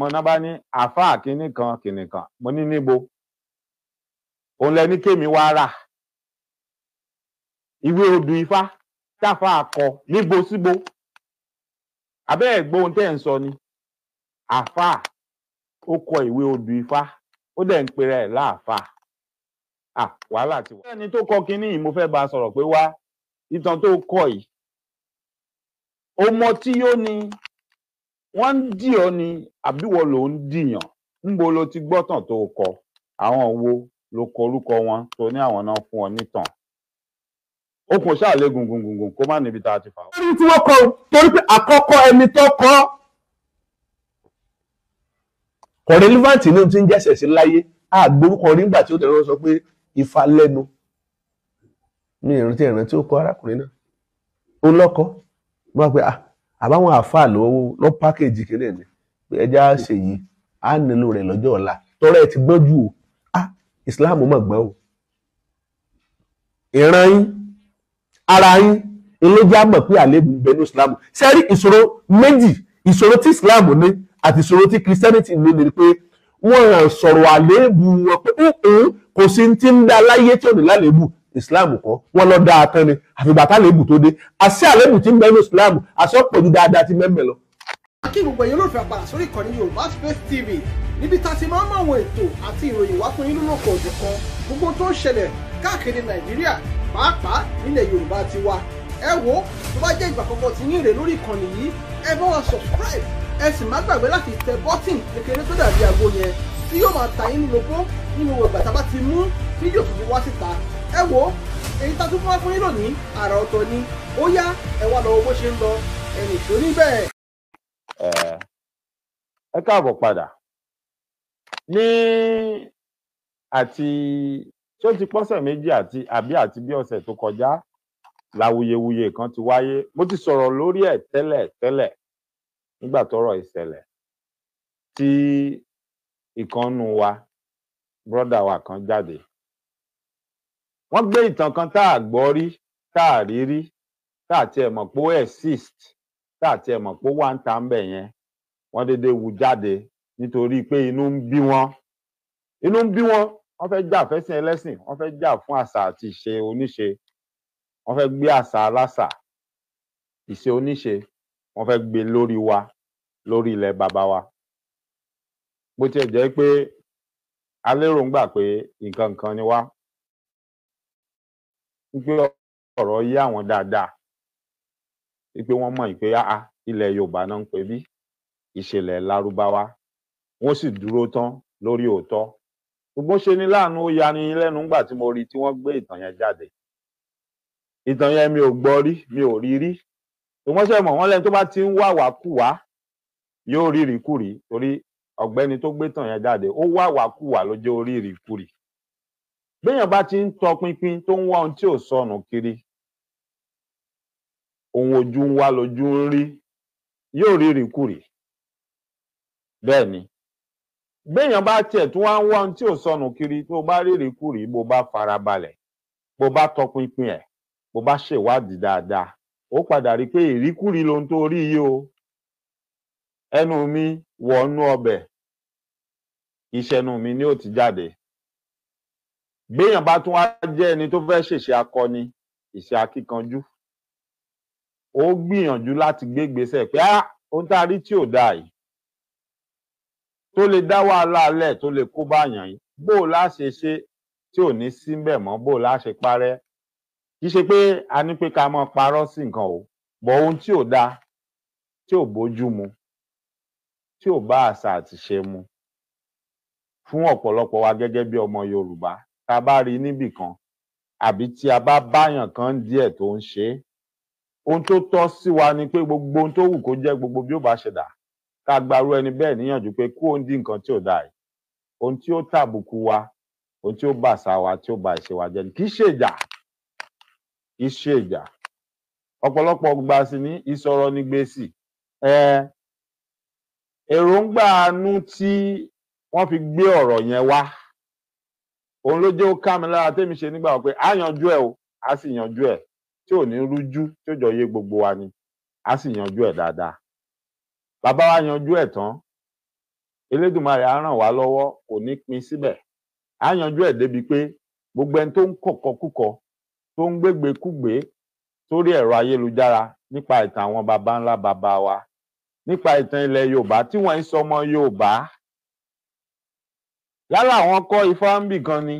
mo náà bá ní àáfàá kínní kan kínní kan mo ní níbo òun lẹ ní kémi wá rà ìwé odù ifá táfà akọ níbo síbo abẹ́ ẹ̀gbọ́n ohun tẹ́ ń sọ ni àáfàá ó kọ ìwé odù ifá ó dẹ̀ ń pera ẹ̀ láàfáà wàhálà ti wà. ẹni tó kọ kínní yìí mo fẹ́ bá a sọ̀rọ̀ pé wá ìtàn tó kọ yìí ó tí yóò ní wọ́n ń dì ọ́ ni àbí wọ́n ló ń dìyàn ńbo lo ti gbọ́tàn tó kọ àwọn wo ló kọ orúkọ wọn tó ní àwọn náà fún ọ nítàn okùn ṣáà lé gungungungun kó má níbi tá a ti fà ó. lórí tí wọ́n kọ torí pé àkọ́kọ́ ẹni tó kọ kò relevant ní ti ń jẹ́sẹ̀ sí láyé àgbórúkọ nígbà tí ó tẹ̀lé sọ pé ifá lẹ́nu mi ìrántí ìrántí ó kọ arákùnrin náà ó lọ́kọ́ wọ́n á pè ah àbáwọn àáfàá ló lọ pákéjì kéré ni pé ẹja ṣe yìí á nílò rẹ̀ lọ́jọ́ ọ̀la tọrọ ẹ ti gbọ́n o ah islam mọ̀ gbọ́n o ìran yín ara yín eléjà mọ̀ pé àléébù ń bẹ ní islam sẹ́rí ìṣòro méjì ìṣòro tí islam ní àti ìṣòro tí christianity ní ni pé wọ́n sọ̀rọ̀ àléébù wọn pé kò sí ti ń dá láyé tí ò ní lálébù islam kọ́ wọ́n lọ dáa tán ni àfìgbà tá lébù tó dé àṣẹ àlébù tí ń bẹ nínú islam àṣẹ pọ̀ ju dáadáa ti mẹ́mẹ́ lọ. kí gbogbo ẹ̀yin olóòfẹ́ àpàdà sórí ìkànnì yorùbá space tv níbi tá a ti máa ń mọ àwọn ètò àti ìròyìn wá fún yín lọ́nà kọ̀ọ̀dù kan gbogbo tó ń ṣẹlẹ̀ káàkiri nàìjíríà pàápàá nílẹ̀ yorùbá ti wa ẹ wo tó bá jẹ́ ìgbà kọ̀ọ̀kan tí yín rè lórí ìkànnì yìí ẹ bá wa subscribe ẹ sì má gbàgbé láti tẹ bọ́tìn kékeré tó dàbí àgbo yẹn tí yóò máa ta yín lóko nínú ìgbà tá a bá ti mú fídíò tuntun wá síta ẹ wò ó èyí tá a tún fún wa fún yín lónìí àrà ọ̀tọ̀ ni ó yá ẹ wá lọ bó ṣe ń lọ ẹnì tó ní bẹ́ẹ̀. ẹ káàbọ̀ padà ní àti ṣé ó ti pọ́sẹ̀ méjì àti àbí àti bí ọ̀sẹ̀ tó kọjá làwuyewuye kan ti wáyé mo ti sọ̀rọ̀ lórí ẹ̀ tẹ́lẹ̀ tẹ́lẹ̀ nígbà tọ́rọ̀ ìṣẹ̀lẹ̀ tí ìkànnù wa brọ́dà wa kan jáde wọn gbé ìtàn kan tá a gbọ́ rí tá a rí rí tá a tiẹ̀ mọ̀ pé ó exist tá a tiẹ̀ mọ̀ pé ó wà ń ta ń bẹ yẹn wọn déédéé wu jáde nítorí pé inú ń bí wọn inú ń bí wọn wọn fẹ́ẹ́ jà fẹ́sìn ẹlẹ́sìn wọn fẹ́ẹ́ jà fún àṣà àti ìṣe oníṣe wọn fẹ́ẹ́ gbé àṣà aláṣà ìṣe oníṣe wọn fẹ́ẹ́ gbé lórí wa lórí ilẹ̀ bàbá wa bó tiẹ̀ jẹ́ pé aléròǹgbà pé nǹkan kan ni wá wípé ọ̀rọ̀ yé àwọn dáadáa wípé wọ́n mọ̀ pé a ilẹ̀ Yorùbá náà ń pè bí ìṣẹ̀lẹ̀ Lárúbáwá wọ́n sì dúró tán lórí òótọ́ ṣùgbọ́n ṣe ni láàánú ó yani lẹ́nu nígbà tí mo rí tí wọ́n gbé ìtàn yẹn jáde ìtàn yẹn mi ò gbọ́ rí mi ò rí rí ṣùgbọ́n ṣe mọ̀ wọ́n lẹ́ni tó bá ti ń wá kù yóò rí ìrìkúrì torí ọ̀gbẹ́ni tó gbé tàn yẹn jáde ó wá kù wá ló jẹ́ orí béèyàn bá ti ń tọpinpin tó ń wá ohun tí ò sọnù kiri ohun ojú ń wá lójú ń rí yóò rí rìkúrì bẹ́ẹ̀ ni béèyàn bá tiẹ̀ tún wá ń wá ohun tí ò sọnù kiri tó bá rí rìkúrì bó bá farabalẹ̀ bó bá tọpinpin ẹ̀ bó bá ṣèwádìí dáadáa ó padà rí i pé ìríkúrì lohun tó rí yìí o ẹnu mi wọnú ọbẹ̀ iṣẹ́ ẹnu mi ni ó ti jáde gbéyàn bá tún wá jẹ́ ẹni tó fẹ́ ṣèṣe akọni ìṣe akíkanjú ó gbìyànjú láti gbé gbèsè pé á ah, ohun tá a rí tí ò dáa yìí tó lè dá wàhálà lẹ̀ tó lè kó báyàn yìí bó o lá ṣe ṣe tí ò ní síbẹ̀ mọ́ bó o lá ṣe parẹ́ kì í ṣe pé a ní pé ká máa parọ́ sí nǹkan o bọ̀ ohun tí ò dáa tí ò bójú mu tí ò bá àṣà àti mu fún ọ̀pọ̀lọpọ̀ wa gẹ́gẹ́ bí ọmọ Yorùbá tá a bá rí níbì kan àbí tí a bá báyàn kan díẹ̀ tó ń ṣe é ohun tó tọ́ sí wa ni pé gbogbo ohun tó wù kó jẹ́ gbogbo bí ó bá ṣe dà ká gbarú ẹni bẹ́ẹ̀ níyànjú pé kó ń dín nǹkan tí ò dáa yìí ohun tí ó tàbùkù wa ohun tí ó bà sá wa tí ó bà ìṣe wa jẹ́ kì í ṣe ìjà kì í ṣe ìjà ọ̀pọ̀lọpọ̀ gba sí ní ìsọ̀rọ̀ ní gbèsè èròǹgbà àánú tí wọ́n fi gbé ọ̀rọ̀ yẹn wá òun ló jẹ́ ó ká mi lára tẹ́mi ṣe nígbà wọn pé á yanjú ẹ̀ o á sì yanjú ẹ̀ tí ò ní rújú tí ó jọ yé gbogbo wa ni á sì yanjú ẹ̀ dáadáa bàbá wa yanjú ẹ̀ tán Elédùmarè á ràn wá lọ́wọ́ kò ní pin síbẹ̀ á yanjú ẹ̀ débi pé gbogbo ẹni tó ń kọ̀kọ̀ kúkọ tó ń gbégbé kúgbé sórí ẹ̀rọ ayélujára nípa ìtàn àwọn baba ńlá baba wa nípa ìtàn ilẹ̀ Yorùbá tí wọ́n ń sọmọ Yorùbá yálà wọ́n kọ́ ifá níbì kan ni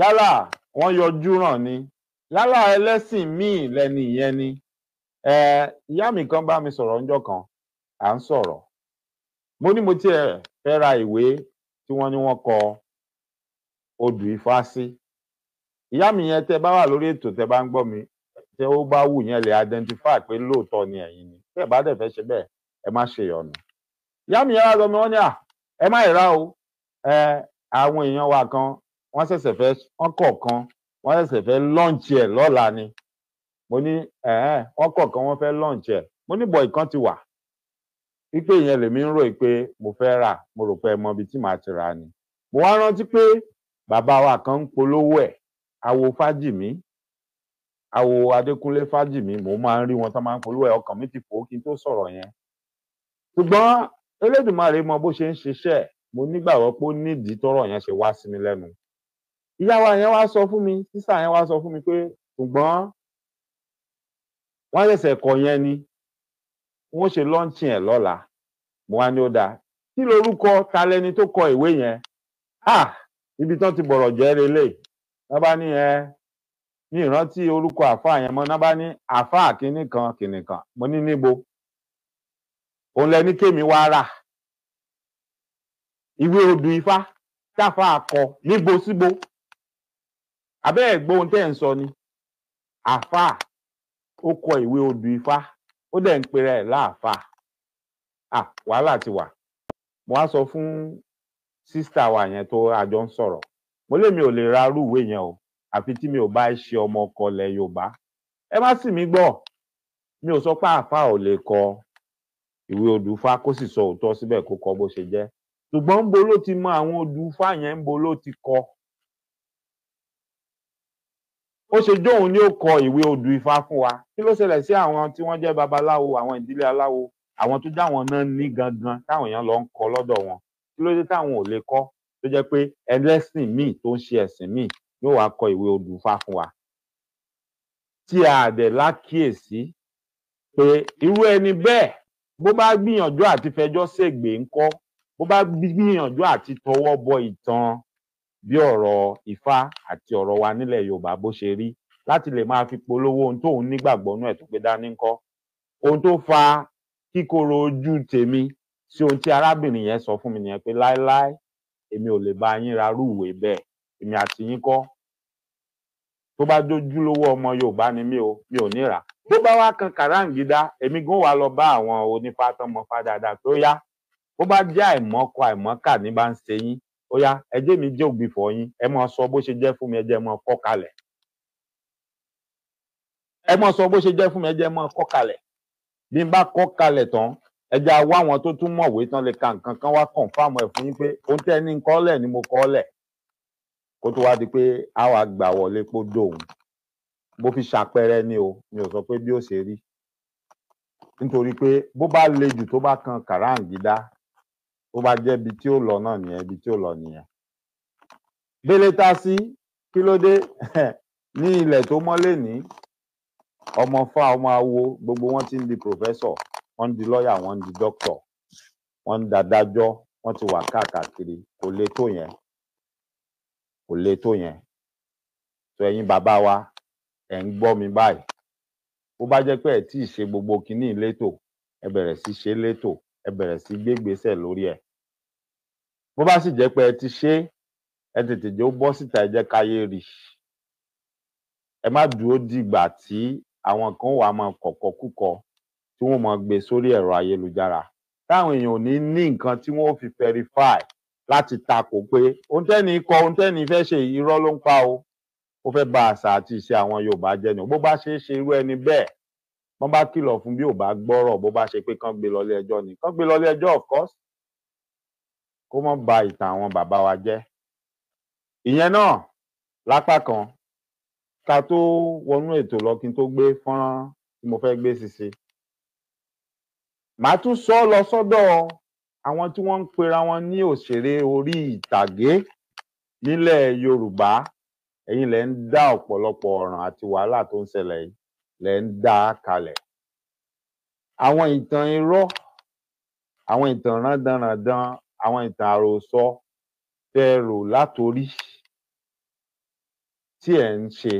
yálà wọ́n yọjú ràn ni yálà ẹlẹ́sìn míì lẹ́ni ìyẹn ni ẹ ìyá mi kan bá mi sọ̀rọ̀ ọjọ́ kan à ń sọ̀rọ̀ mo ní mo tiẹ̀ fẹ́ ra ìwé tí wọ́n ní wọ́n kọ odù ifá sí ìyá mi yẹn tẹ bá wà lórí ètò tẹ bá ń gbọ́ mi tẹ ó bá wù yẹn lè identify pé lóòótọ́ ni ẹ̀yin ni tẹ bá dẹ̀ fẹ́ ṣe bẹ́ẹ̀ ẹ má ṣe ìyọnu ìyá mi yẹn wá lọ mi wọ́n ní à ẹ má ìra o àwọn èèyàn wa kan wọ́n ṣẹ̀ṣẹ̀ fẹ́ wọ́n kọ̀ọ̀kan wọ́n ṣẹ̀ṣẹ̀ fẹ́ lọ́ǹchì ẹ̀ lọ́la ni mo ní wọ́n kọ̀ọ̀kan wọ́n fẹ́ lọ́ǹchì ẹ̀ mo ní bọ̀ ìkan ti wà wípé ìyẹn lèmi ń rò pé mo fẹ́ rà mo rò pé mọ ibi tí màá ti rà ni mo wá rántí pé bàbá wa kan ń polówó ẹ̀ awo fájìmí awo adékúnlé fájìmí mo máa ń rí wọn tó máa ń polówó ẹ̀ ọkàn mi ti fò kí n tó sọ̀rọ̀ yẹn ṣùgbọ́n elédùnmarè mọ bó ṣe ń ṣiṣẹ́ mo nígbàgbọ́ pé ó nídìí tọrọ yẹn ṣe wá sí mi lẹ́nu ìyá wa yẹn wá sọ fún mi sísà yẹn wá sọ fún mi pé ṣùgbọ́n wọ́n ṣẹ̀ṣẹ̀ kọ yẹn ni wọ́n ṣe lọ́ńchì ẹ̀ lọ́la mo wá ní ó dáa kí lorúkọ ta lẹni tó kọ ìwé yẹn ah ibi tán ti bọ̀rọ̀ jẹ́ lélẹ̀ wọ́n bá ní ẹ ní ìrántí orúkọ àfáà yẹn mọ́ náà bá ní àfáà kìnnìkan kìnnìkan mo ní níbo òun lẹni kémi wá rà ìwé odù ifá táfà akọ níbo síbo abẹ́ẹ̀ gbóhun tẹ́ ń sọ ni àfà ó kọ ìwé odù ifá ó dẹ̀ ń pera ẹ̀ láàfà à wàhálà ti wà mo wá sọ fún sísítà wa yẹn tó àjọ ń sọ̀rọ̀ mo lémi ò lè ra irú ìwé yẹn o àfi tí mi ò bá ṣe ọmọ ọkọ ilẹ̀ yorùbá ẹ má sì mí gbọ́ mi ò sọ pé àfà ò lè kọ ìwé odù ifá kó sì sọ òótọ́ síbẹ̀ kó kọ bó ṣe jẹ́ ṣùgbọ́n ń bo ló ti mọ àwọn odù fáyẹn ń bo ló ti kọ ó ṣe jóun ni ó kọ ìwé odù ifá fún wa kí ló ṣẹlẹ̀ sí àwọn tí wọ́n jẹ́ babaláwo àwọn ìdílé aláwo àwọn tó jáwọn náà ní gangan táwọn èèyàn lọ ń kọ lọ́dọ̀ wọn kí ló dé táwọn ò lè kọ tó jẹ́ pé ẹlẹ́sìn míì tó ń ṣe ẹ̀sìn míì yóò wá kọ ìwé odù ifá fún wa tí a dẹ̀ lákíyèsí pé irú ẹni bẹ́ẹ̀ bó bá gbìyànjú àti fẹjọ́ ṣègbè ńkọ́ bó bá gbìyànjú àti tọwọ́ bọ ìtàn bí ọ̀rọ̀ Ifá àti ọ̀rọ̀ wa nílẹ̀ Yorùbá bó ṣe rí láti lè máa fi polówó ohun tóun nígbàgbọ́ nú ẹ̀ tó gbé dání ńkọ́ ohun tó fa kíkorò ojú tèmi sí ohun tí arábìnrin yẹn sọ fún mi nìyẹn pé láéláé èmi ò lè bá yín ra rúùwé bẹ́ẹ̀ èmi àti yín kọ́ tó bá dójú lówó ọmọ Yorùbá ni mí o mi ò ní rà bó bá wá kan kàráǹgídá èmi gan wà lọ bá àwọn onífá tọmọ fá yá bó bá jẹ́ àìmọ́kọ àìmọ́kà ní bá ń ṣe yín ó yá ẹjẹ́ mi jẹ́ òbí fọ yín ẹ máa sọ bó ṣe jẹ́ fún mi ẹjẹ́ máa kọ́ kalẹ̀ ẹ máa sọ bó ṣe jẹ́ fún mi ẹjẹ́ máa kọ́ kalẹ̀ bí n bá kọ́ kalẹ̀ tán ẹjẹ́ wá àwọn tó tún mọ̀wé tán lè ka nǹkan kan wá confirm ẹ̀ fún yín pé ohun tẹ́ ní kọ́ lẹ̀ ni mo kọ́ lẹ̀ kó tó wá di pé a wá gbà wọlé pó dòun bó fi ṣàpẹẹrẹ ni o mi ò sọ pé bí ó ṣe rí nítorí pé bó bá le jù tó bá kan kàráǹgídá ó bá jẹ́ ibi tí ó lọ náà nìyẹn ibi tí ó lọ nìyẹn. Délé tá sí kí ló dé ní ilẹ̀ tó mọ́lé ní ọmọ fa ọmọ awo gbogbo wọn ti ń di professor wọ́n ń di lọ́ọ̀yà wọ́n ń di doctor wọ́n ń dadájọ́ wọ́n ti wà káàkiri kò le tó yẹn kò le tó yẹn tó ẹ̀yin bàbá wa ẹ̀ ń gbọ́ mi báyìí bó bá jẹ́ pé ẹ̀ tí ì ṣe gbogbo kinní létò ẹ bẹ̀rẹ̀ sí ṣe létò ẹ bẹ̀rẹ̀ sí gbé gbèsè lórí ẹ̀ bó bá sì jẹ́ pé ẹ ti ṣe ẹ tètè jẹ́ ó bọ́ síta ẹ jẹ́ káyé rí ẹ má dúró dìgbà tí àwọn kan wàá máa kọ̀kọ́ kúkọ tí wọ́n máa gbé sórí ẹ̀rọ ayélujára táwọn èèyàn ò ní ní nǹkan tí wọ́n fi verify láti takò pé ohun tẹ́ni kọ ohun tẹ́ni fẹ́ ṣe irọ́ ló ń pa o ó fẹ́ bà àṣà àti ìṣe àwọn Yorùbá jẹ́ ni bó bá ṣe é ṣe irú ẹni bẹ́ẹ̀ wọn bá kìlọ̀ fún bí ò bá gbọ́rọ̀ bó bá ṣe pé kán gbé lọlé ẹjọ́ ni kán gbé lọlé ẹjọ́ of course kó má ba ìtàn àwọn bàbá wa jẹ́ ìyẹn náà lápá kan ká tó wọnú ètò lọ kí n tó gbé fọ́nrán tí mo fẹ́ gbé ṣíṣe màá tún sọ lọ sọ́dọ̀ àwọn tí wọ́n ń pera wọn ní òṣèré orí ìtàgé nílẹ̀ Yorùbá ẹ̀yin lẹ ń dá ọ̀pọ̀lọpọ̀ ọ̀ràn àti wàhálà tó ń ṣẹlẹ̀ yìí lẹ ń dá kalẹ̀ àwọn ìtàn irọ́ àwọn ìtàn rándanràndan àwọn ìtàn àròsọ tẹ rò látorí tí ẹ ń ṣe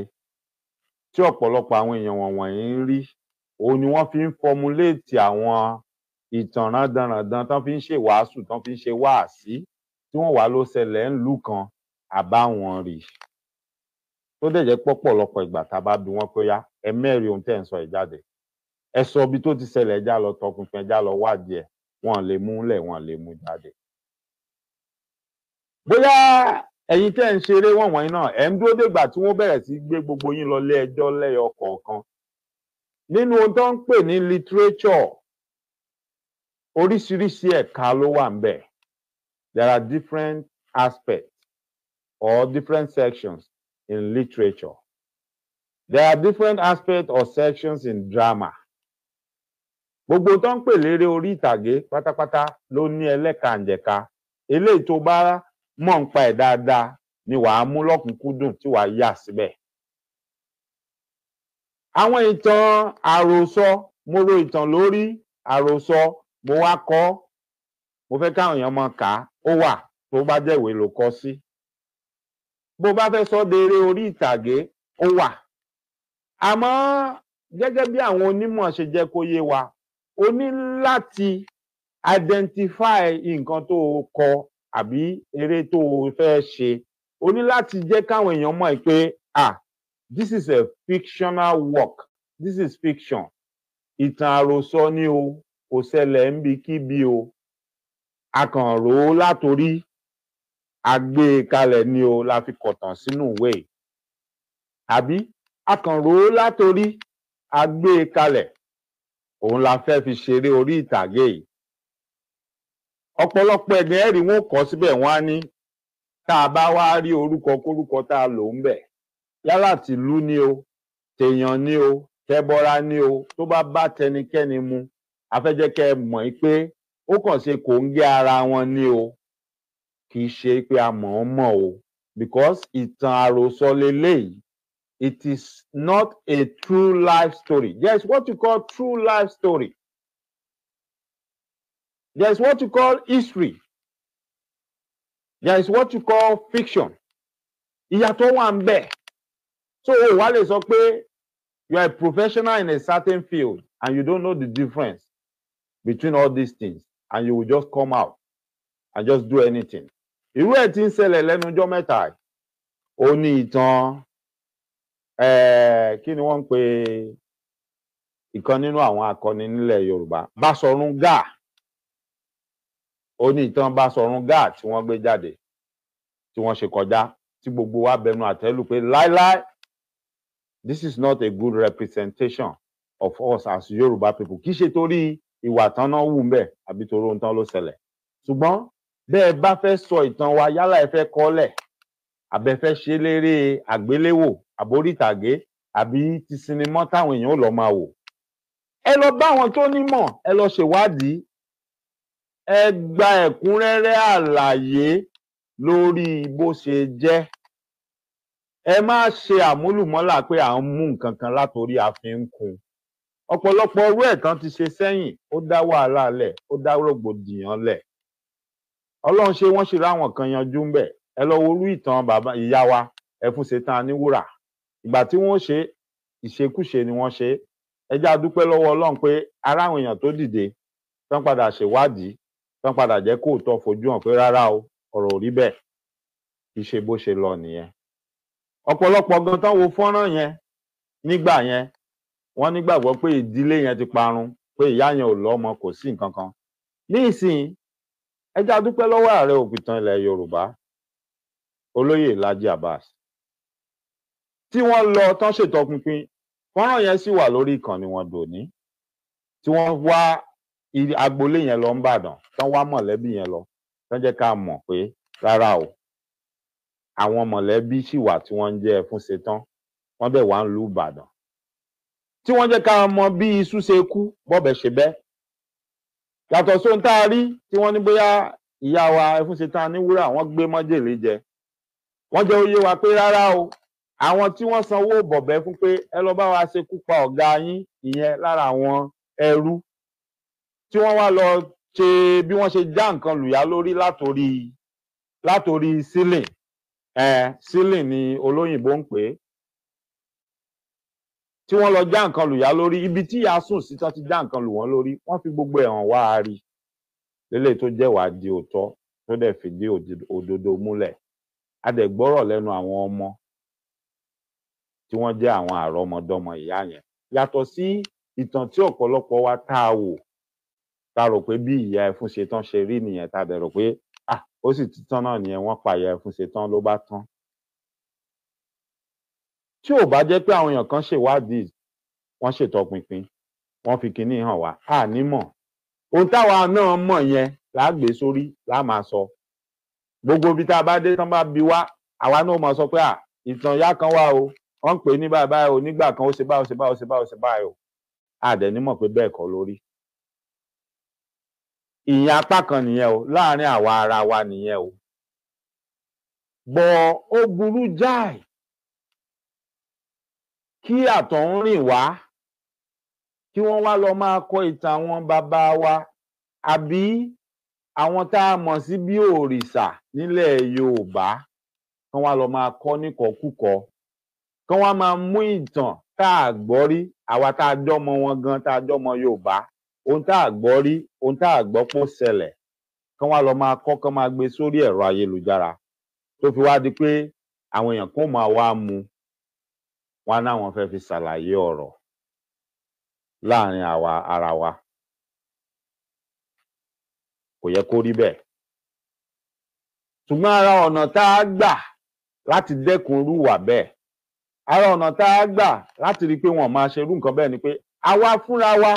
tí ọ̀pọ̀lọpọ̀ àwọn èèyàn wọ̀nyí ń rí òun ni wọ́n fi ń fọmuléètì àwọn ìtàn rándanràndan tán fi ń ṣe wàásù tán fi ń ṣe wáàsí tí wọ́n wàá ló ṣẹlẹ̀ ńlú kan àbáwọn rí tó dẹ̀ jẹ́ pọ̀pọ̀lọpọ̀ ìgbà tá a bá bi wọ́n pé yá ẹ ohun tẹ́ ẹ̀ ń sọ ẹ̀ jáde ẹ ibi tó ti ṣẹlẹ̀ ẹja lọ tọpinpin ẹja lọ wádìí ẹ̀ wọ́n lè mú lẹ̀ wọ́n lè mú jáde. bóyá ẹ̀yin tẹ́ ẹ̀ ń ṣeré wọ̀nwọ̀n yín náà ẹ̀ ń dúró dégbà tí wọ́n bẹ̀rẹ̀ sí gbé gbogbo yín lọ lé ẹjọ́ lẹ́yọ kọ̀ọ̀kan nínú ohun tó ń pè ní literature oríṣiríṣi ẹ̀ka ló wà ń bẹ̀ there are different aspects or different sections in literature there are different aspects or sections in drama gbogbo tó ń pè léré orí ìtàgé pátápátá ló ní ẹlẹ́kàǹjẹ̀ka eléyìí tó bá mọ̀ ń pa ẹ̀ dáadáa ni wàá mú lọ́kùnkúndùn tí wàá yà síbẹ̀. àwọn ìtàn àròsọ mo ro ìtàn lórí àròsọ mo wá kọ mo fẹ́ káwọn èèyàn máa kà ó wà tó bá jẹ́ ìwé ló kọ sí. bó bá fẹ́ sọ de eré orí ìtàgé ó wà àmọ́ gẹ́gẹ́ bí àwọn onímọ̀ ṣe jẹ́ kó yé wa o ní láti identify nǹkan tó o kọ àbí eré tó o fẹ́ ṣe o ní láti jẹ́ káwọn èèyàn mọ̀ pé ah this is a fictional work this is fiction ìtàn àròsọ ni o kò ṣẹlẹ̀ ń bi kíbi o akànrò látòrí àgbékalẹ̀ e ni o la fi kọ̀tàn sínú ìwé àbí akànrò látorí a gbé e kalẹ̀ òun la fẹ́ fi ṣeré orí ìtàgé yìí ọ̀pọ̀lọpọ̀ ẹ̀gbìn ẹ̀rí wọn kọ́ síbẹ̀ wọ́n á ní tá a bá wá rí orúkọ kórúkọ tá a lò ń bẹ̀ yálà tìlú ni o tèèyàn ni o tẹbọra ni o tó bá bá tẹnikẹ́ni mu a fẹ́ jẹ́ kẹ́ pé ó kàn ṣe kò ń gé ara wọn ni o kì í ṣe pé a mọ̀ ọ́n mọ̀ o because ìtàn àròsọ lélẹ́yìí It is not a true life story. There's what you call true life story. There's what you call history. There is what you call fiction. Ìyàtọ̀ wà ń bẹ̀. So o wá lè sọ pé you are a professional in a certain field and you don't know the difference between all these things and you will just come out and just do anything. Irú ẹ̀ tí ń ṣẹlẹ̀ lẹ́nu ọjọ́ mẹ́ta yìí. ní ìtàn Eh, kí ni wọ́n ń pe ìkan nínú àwọn akọni nílẹ̀ yorùbá Baṣọ̀run Gáà ó ní ìtàn Baṣọ̀run Gáà tí wọ́n gbé jáde tí wọ́n ṣe kọjá tí gbogbo wa bẹnu àtẹ́lù pé láíláí this is not a good representation of us as yorùbá people kì í ṣe torí ìwà tán náà wù mbẹ àbí torí ohun tán ló ṣẹlẹ̀ ṣùgbọ́n bẹ́ẹ̀ bá fẹ́ sọ ìtàn wa yálà ẹ fẹ́ kọlẹ àbẹ fẹ́ ṣe léré àgbéléwò àbórí ìtàgé àbí ti sinimá táwọn èèyàn ò lọ máa wò ẹ lọ bá àwọn tó nímọ̀ ẹ lọ ṣèwádìí ẹ gba ẹ̀kúnrẹ́rẹ́ àlàyé lórí bó ṣe jẹ́ ẹ má ṣe àmúlùmọ́là pé à ń mú nǹkan kan látòrí àfin ń kun ọ̀pọ̀lọpọ̀ ọrú ẹ̀ tán ti ṣe sẹ́yìn ó dá wàhálà lẹ̀ ó dá rògbòdìyàn lẹ̀ Ọlọ́run ṣe wọ́n ṣe ráwọn kan yanjú ń bẹ̀ ẹ lọ wo orú ìtàn ìyá wa ẹ fún ṣe tán aníwúrà ìgbà tí wọ́n ṣe ìṣekúṣe ni wọ́n ṣe ẹ jẹ́ àdúpẹ́ lọ́wọ́ Ọlọ́run pé ara àwọn èèyàn tó dìde tán padà ṣèwádìí tán padà jẹ́ kó tọ́ fojú hàn pé rárá o ọ̀rọ̀ ò rí bẹ́ẹ̀ kì í ṣe bó ṣe lọ nìyẹn ọ̀pọ̀lọpọ̀ gan tán wo fọ́nrán yẹn nígbà yẹn wọ́n nígbàgbọ́ pé ìdílé yẹn ti parun pé ìyá yẹn ò lọ́mọ kò sí nǹkan kan ní ìsìn ẹ jẹ́ ààrẹ òpìtàn ilẹ̀ Yorùbá olóyè Laji Abbas tí wọ́n lọ tán ṣètọpinpin fọ́nrán yẹn sì wà lórí ìkànnì wọn dòní tí wọ́n wá agboolé yẹn lọ ńbàdàn tán wá mọ̀lẹ́bí yẹn lọ tán jẹ́ ká mọ̀ pé rárá o àwọn mọ̀lẹ́bí sì wà tí wọ́n ń jẹ́ ẹfún ṣetán wọ́n bẹ̀ wá ń lu ìbàdàn tí wọ́n jẹ́ ká mọ̀ bí iṣu ṣe kú bọ́bẹ̀ ṣe bẹ́ yàtọ̀ sóhun tá a rí tí wọ́n ní bóyá ìyá wa ẹfún ṣetán níwúrà wọ́n gbé mọ́jèlé jẹ wọ́n jẹ́ ó yé wa pé rárá o àwọn tí wọ́n sanwó bọ̀bẹ́ fún pé ẹ lọ bá wa ṣekú pa ọ̀gá yín ìyẹn lára àwọn ẹrú tí wọ́n wá lọ ṣe bí wọ́n ṣe já nǹkan lùyà lórí látòrí látòrí sílìn ẹ sílìn ni olóyìnbó ń pè é tí wọ́n lọ já nǹkan lùyà lórí ibi tí ìyá sùn sí tán ti já nǹkan lù wọ́n lórí wọ́n fi gbogbo ẹ̀hàn wá a rí lélẹ̀ tó jẹ́ wàá di òótọ́ tó dẹ̀ fìdí òdodo múlẹ̀ a dẹ̀ gbọ́rọ̀ lẹ́nu àwọn ọmọ tí wọ́n jẹ́ àwọn àrọ́mọdọ́mọ ìyá yẹn yàtọ̀ sí ìtàn tí ọ̀pọ̀lọpọ̀ wa tá a wò tá a rò pé bí ìyá ẹfun ṣe tán ṣe rí nìyẹn tá a dẹ̀ pé ah ó sì ti náà nìyẹn wọ́n pa ìyá ẹfun ṣe tán ló bá tán tí ò bá jẹ́ pé àwọn èèyàn kan ṣèwádìí wọ́n ṣètọpinpin wọ́n fi kinní hàn wá a nímọ̀ ohun táwa náà mọ̀ yẹn láàgbé sórí láà máa sọ gbogbo ibi tá a bá dé tán bá bi wá àwa náà máa sọ pé à ìtàn ìyá kan wà o wọ́n ń pè ní báyìí báyìí o nígbà kan ó ṣe báyìí ó ṣe báyìí ó ṣe báyìí ó ṣe báyìí o àdẹ̀ni mọ̀ pé bẹ́ẹ̀ kọ́ lórí ìyẹn apá kan nìyẹn o láàárín àwa ara wa nìyẹn o bọ̀ ó burú jáì kí àtọ̀ rìn wá kí wọ́n wá lọ máa kọ ìtàn àwọn bàbá wa àbí àwọn tá a mọ̀ sí bí òrìṣà nílẹ̀ Yorùbá kí wọ́n wá lọ máa kọ níkọ̀ọ́kùkọ kán wá máa mú ìtàn tá a gbọ́ rí àwa tá a jọmọ wọn gan tá a jọmọ Yorùbá ohun tá a gbọ́ rí ohun tá a gbọ́ pọ̀ ṣẹlẹ̀ kán wá lọ máa kọ kán máa gbé sórí ẹ̀rọ ayélujára tó fi wá di pé àwọn èèyàn kò máa wá mu wọn náwọn fẹ́ẹ́ fi ṣàlàyé ọ̀rọ̀ láàrin àwa ara wa kò yẹ kó rí bẹ́ẹ̀ ṣùgbọ́n ara ọ̀nà tá a gbà láti dẹ́kun irú bẹ́ẹ̀ ara ọ̀nà tá a gbà láti rí i pé wọn máa ṣe irú nǹkan bẹ́ẹ̀ ni pé àwa fúnra wa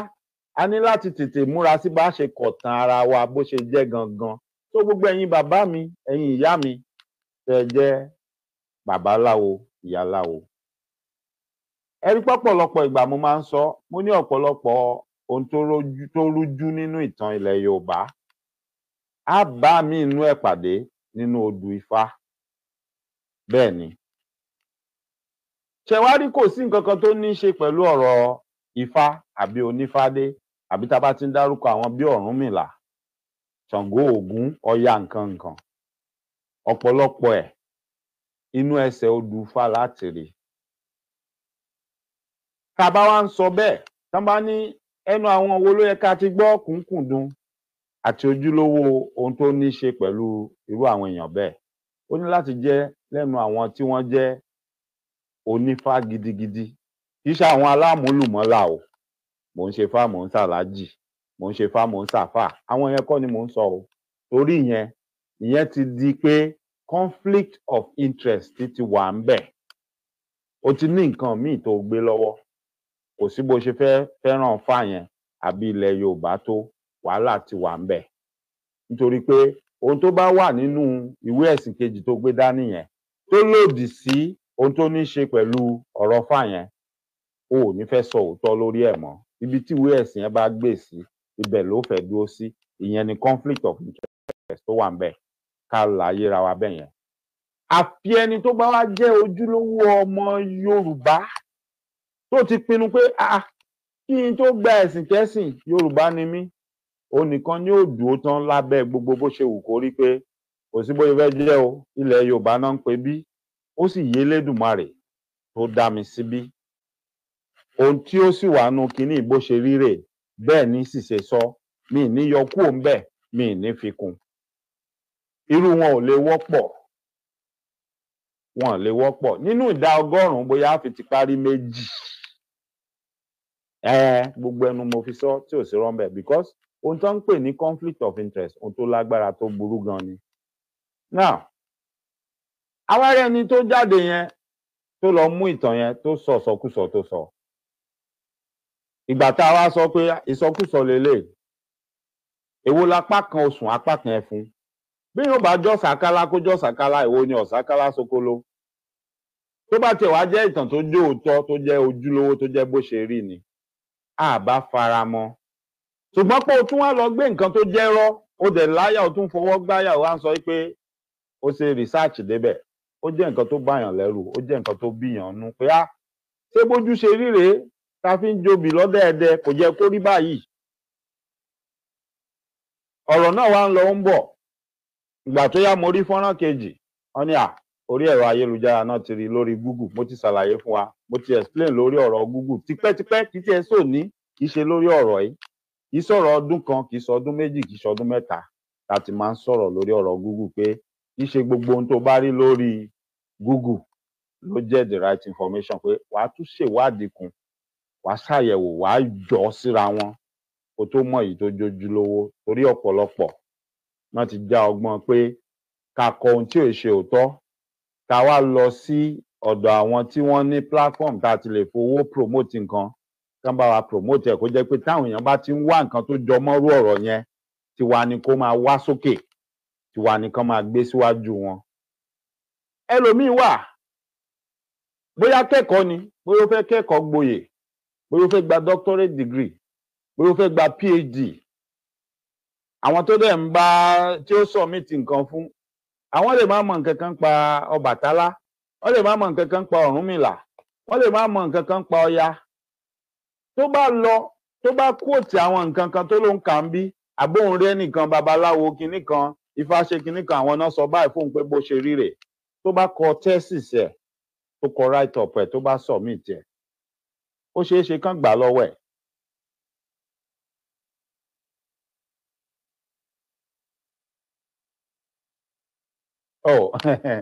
a ní láti tètè múra sí bá a ṣe kọ̀tàn ara wa bó ṣe jẹ́ gangan tó gbogbo ẹ̀yin bàbá mi ẹ̀yin ìyá mi tẹ̀ jẹ́ babaláwo ìyáláwo ẹ̀rí pọ́pọ̀lọpọ̀ ìgbà mo máa ń sọ mo ní ọ̀pọ̀lọpọ̀ ohun tó rújú nínú ìtàn ilẹ̀ Yorùbá á bá mi inú ẹ̀ pàdé nínú odù Ifá bẹ́ẹ̀ ni ṣẹwárí kò sí nǹkan kan tó ní í ṣe pẹ̀lú ọ̀rọ̀ ifá àbí onífádé àbí tá a bá ti ń dárúkọ àwọn bíi ọ̀rúnmìlà ṣàngó ògún ọya nǹkan nǹkan ọ̀pọ̀lọpọ̀ ẹ̀ inú ẹsẹ̀ odù ifá láti rí tá a bá wá ń sọ bẹ́ẹ̀ tá a bá ní ẹnu àwọn wo ló yẹ ká ti gbọ́ kúnkùndùn àti ojúlówó ohun tó ní í ṣe pẹ̀lú irú àwọn èèyàn bẹ́ẹ̀ ó ní láti jẹ́ lẹ́nu àwọn tí wọ́n jẹ́ onífá gidigidi iṣẹ́ àwọn aláàmúlùmọ́là o mò ń ṣe fá mò ń ṣàlájì mò ń ṣe fá mò ń ṣàfà àwọn yẹn kọ́ ni mò ń sọ o torí yẹn ìyẹn ti di pé conflict of interest ti wà ń bẹ̀ o ti ní nǹkan míì tó gbé lọ́wọ́ kò sí bó ṣe fẹ́ fẹ́ràn fá yẹn àbí ilẹ̀ Yorùbá tó wàhálà ti wà ń bẹ̀ nítorí pé ohun tó bá wà nínú ìwé ẹ̀sìn kejì tó gbé dání yẹn tó lòdì sí ohun tó ní í ṣe pẹ̀lú ọ̀rọ̀ fáyẹn o ò ní fẹ́ sọ òótọ́ lórí ẹ̀ mọ́ ibi tí ìwé ẹ̀sìn yẹn bá gbé sí ibẹ̀ ló fẹ́ dúró sí ìyẹn ni conflict of interest tó wà ń bẹ̀ ká là á yéra wa bẹ́ẹ̀ yẹn àfi ẹni tó bá wá jẹ́ ojúlówó ọmọ Yorùbá tó ti pinnu pé ah kí n tó gba ẹ̀sìn kẹ́sìn Yorùbá ni mí òun nìkan ni yóò dúró tán lábẹ́ gbogbo bó ṣe wù kó rí pé kò sí bóyá fẹ́ jẹ́ o ilẹ̀ Yorùbá náà ń pè bí ó sì yé lédùmarè tó dá mi síbí ohun tí ó sì wà nù kínní bó ṣe rí rèé bẹ́ẹ̀ ni sì ṣe sọ mi ní yọ kúrò ń bẹ mi ní fi kún irú wọn ò lè wọ́pọ̀ wọn lè wọ́pọ̀ nínú ìdá ọgọ́rùnún bóyá a fi ti parí méjì gbogbo ẹnu mo fi sọ tí ò sí rọmbẹ because ohun tó ń pè ní conflict of interest ohun tó lágbára tó burú gan ni now awárẹ ẹni tó jáde yẹn tó lọ mú ìtàn yẹn tó sọ sọkúsọ tó sọ ìgbà tá a wá sọ pé ìsọkúsọ lélẹ̀ èwo lápá kan osùn apá kan ẹfun bí yóò bá jọ sàkálá kó jọ sàkálá èwo ni ọ̀sákálá sokolo tó bá tiẹ̀ wá jẹ́ ìtàn tó jẹ́ òótọ́ tó jẹ́ ojúlówó tó jẹ́ bó ṣe rí ni àbá fara mọ́ ṣùgbọ́n pé o tún wá lọ gbé nǹkan tó jẹ́ rọ́ o dẹ̀ láyà o tún fọwọ́ gbáyà o wá ń sọ pé o ṣe research débẹ̀ ó jẹ́ nǹkan tó báyàn lẹ́rù ó jẹ́ nǹkan tó bíyàn nú pé á ah, ṣé bójú ṣe ríre ta fi ń jobi lọ́dẹ̀ẹ̀dẹ kò jẹ́ kó rí báyìí ọ̀rọ̀ náà wá ń lọ ń bọ̀ ìgbà tó yá mo rí fọ́nrán kejì wọ́n ní à ah, orí ẹ̀rọ ayélujára náà ti rí lórí Google mo ti ṣàlàyé fún wa mo ti explain lórí ọ̀rọ̀ Google tipẹ́tipẹ́ kì í tiẹ̀ sò ní kì í ṣe lórí ọ̀rọ̀ yìí kì í sọ̀rọ̀ ọdún kan kì í sọ ọdún méjì kì í sọ ọdún mẹ́ta láti máa ń sọ̀rọ̀ lórí ọ̀rọ̀ Google pé kì í ṣe gbogbo ohun tó bá rí lórí google ló jẹ́ the right information pé wàá tún ṣèwádìí kún wàá ṣàyẹ̀wò wàá jọ síra wọn kó tó mọ èyí tó jójúlówó torí ọ̀pọ̀lọpọ̀ wọ́n ti já ọgbọ́n pé ká kọ ohun tí ò ṣe òótọ́ ká wá lọ sí ọ̀dọ̀ àwọn tí wọ́n ní platform tá a ti lè fowó promote nǹkan kán bá wa promote ẹ̀ kó jẹ́ pé táwọn èèyàn bá ti ń wá nǹkan tó jọ mọ́rú ọ̀rọ̀ yẹn tiwa ni kó máa wá sókè tiwa ni kán máa gbé síwájú wọn ẹlòmíín wà bóyá kẹ́kọ̀ọ́ ni bóyá ó fẹ́ kẹ́kọ̀ọ́ gboyè bóyá ó fẹ́ gba doctorate degree bóyá ó fẹ́ gba phd àwọn tó dẹ̀ ń bá tí ó submit nǹkan fún àwọn lè má mọ nǹkan kan pa Ọbàtálá wọ́n lè má mọ nǹkan kan pa Ọ̀rúnmìlà wọ́n lè má mọ nǹkan kan pa Ọya tó bá lọ tó bá kóòtì àwọn nǹkan kan tó ló ń kà ń bí àbóhùn rẹ nìkan babaláwo kinní kan ifá ṣe kinní kan àwọn náà sọ báyìí fóun pé bó ṣe rí rèé tó bá kọ thesis ẹ̀ tó kọ write up ẹ̀ tó bá submit ẹ̀ ó ṣeé ṣe kán gbà lọ́wọ́ ẹ̀ oh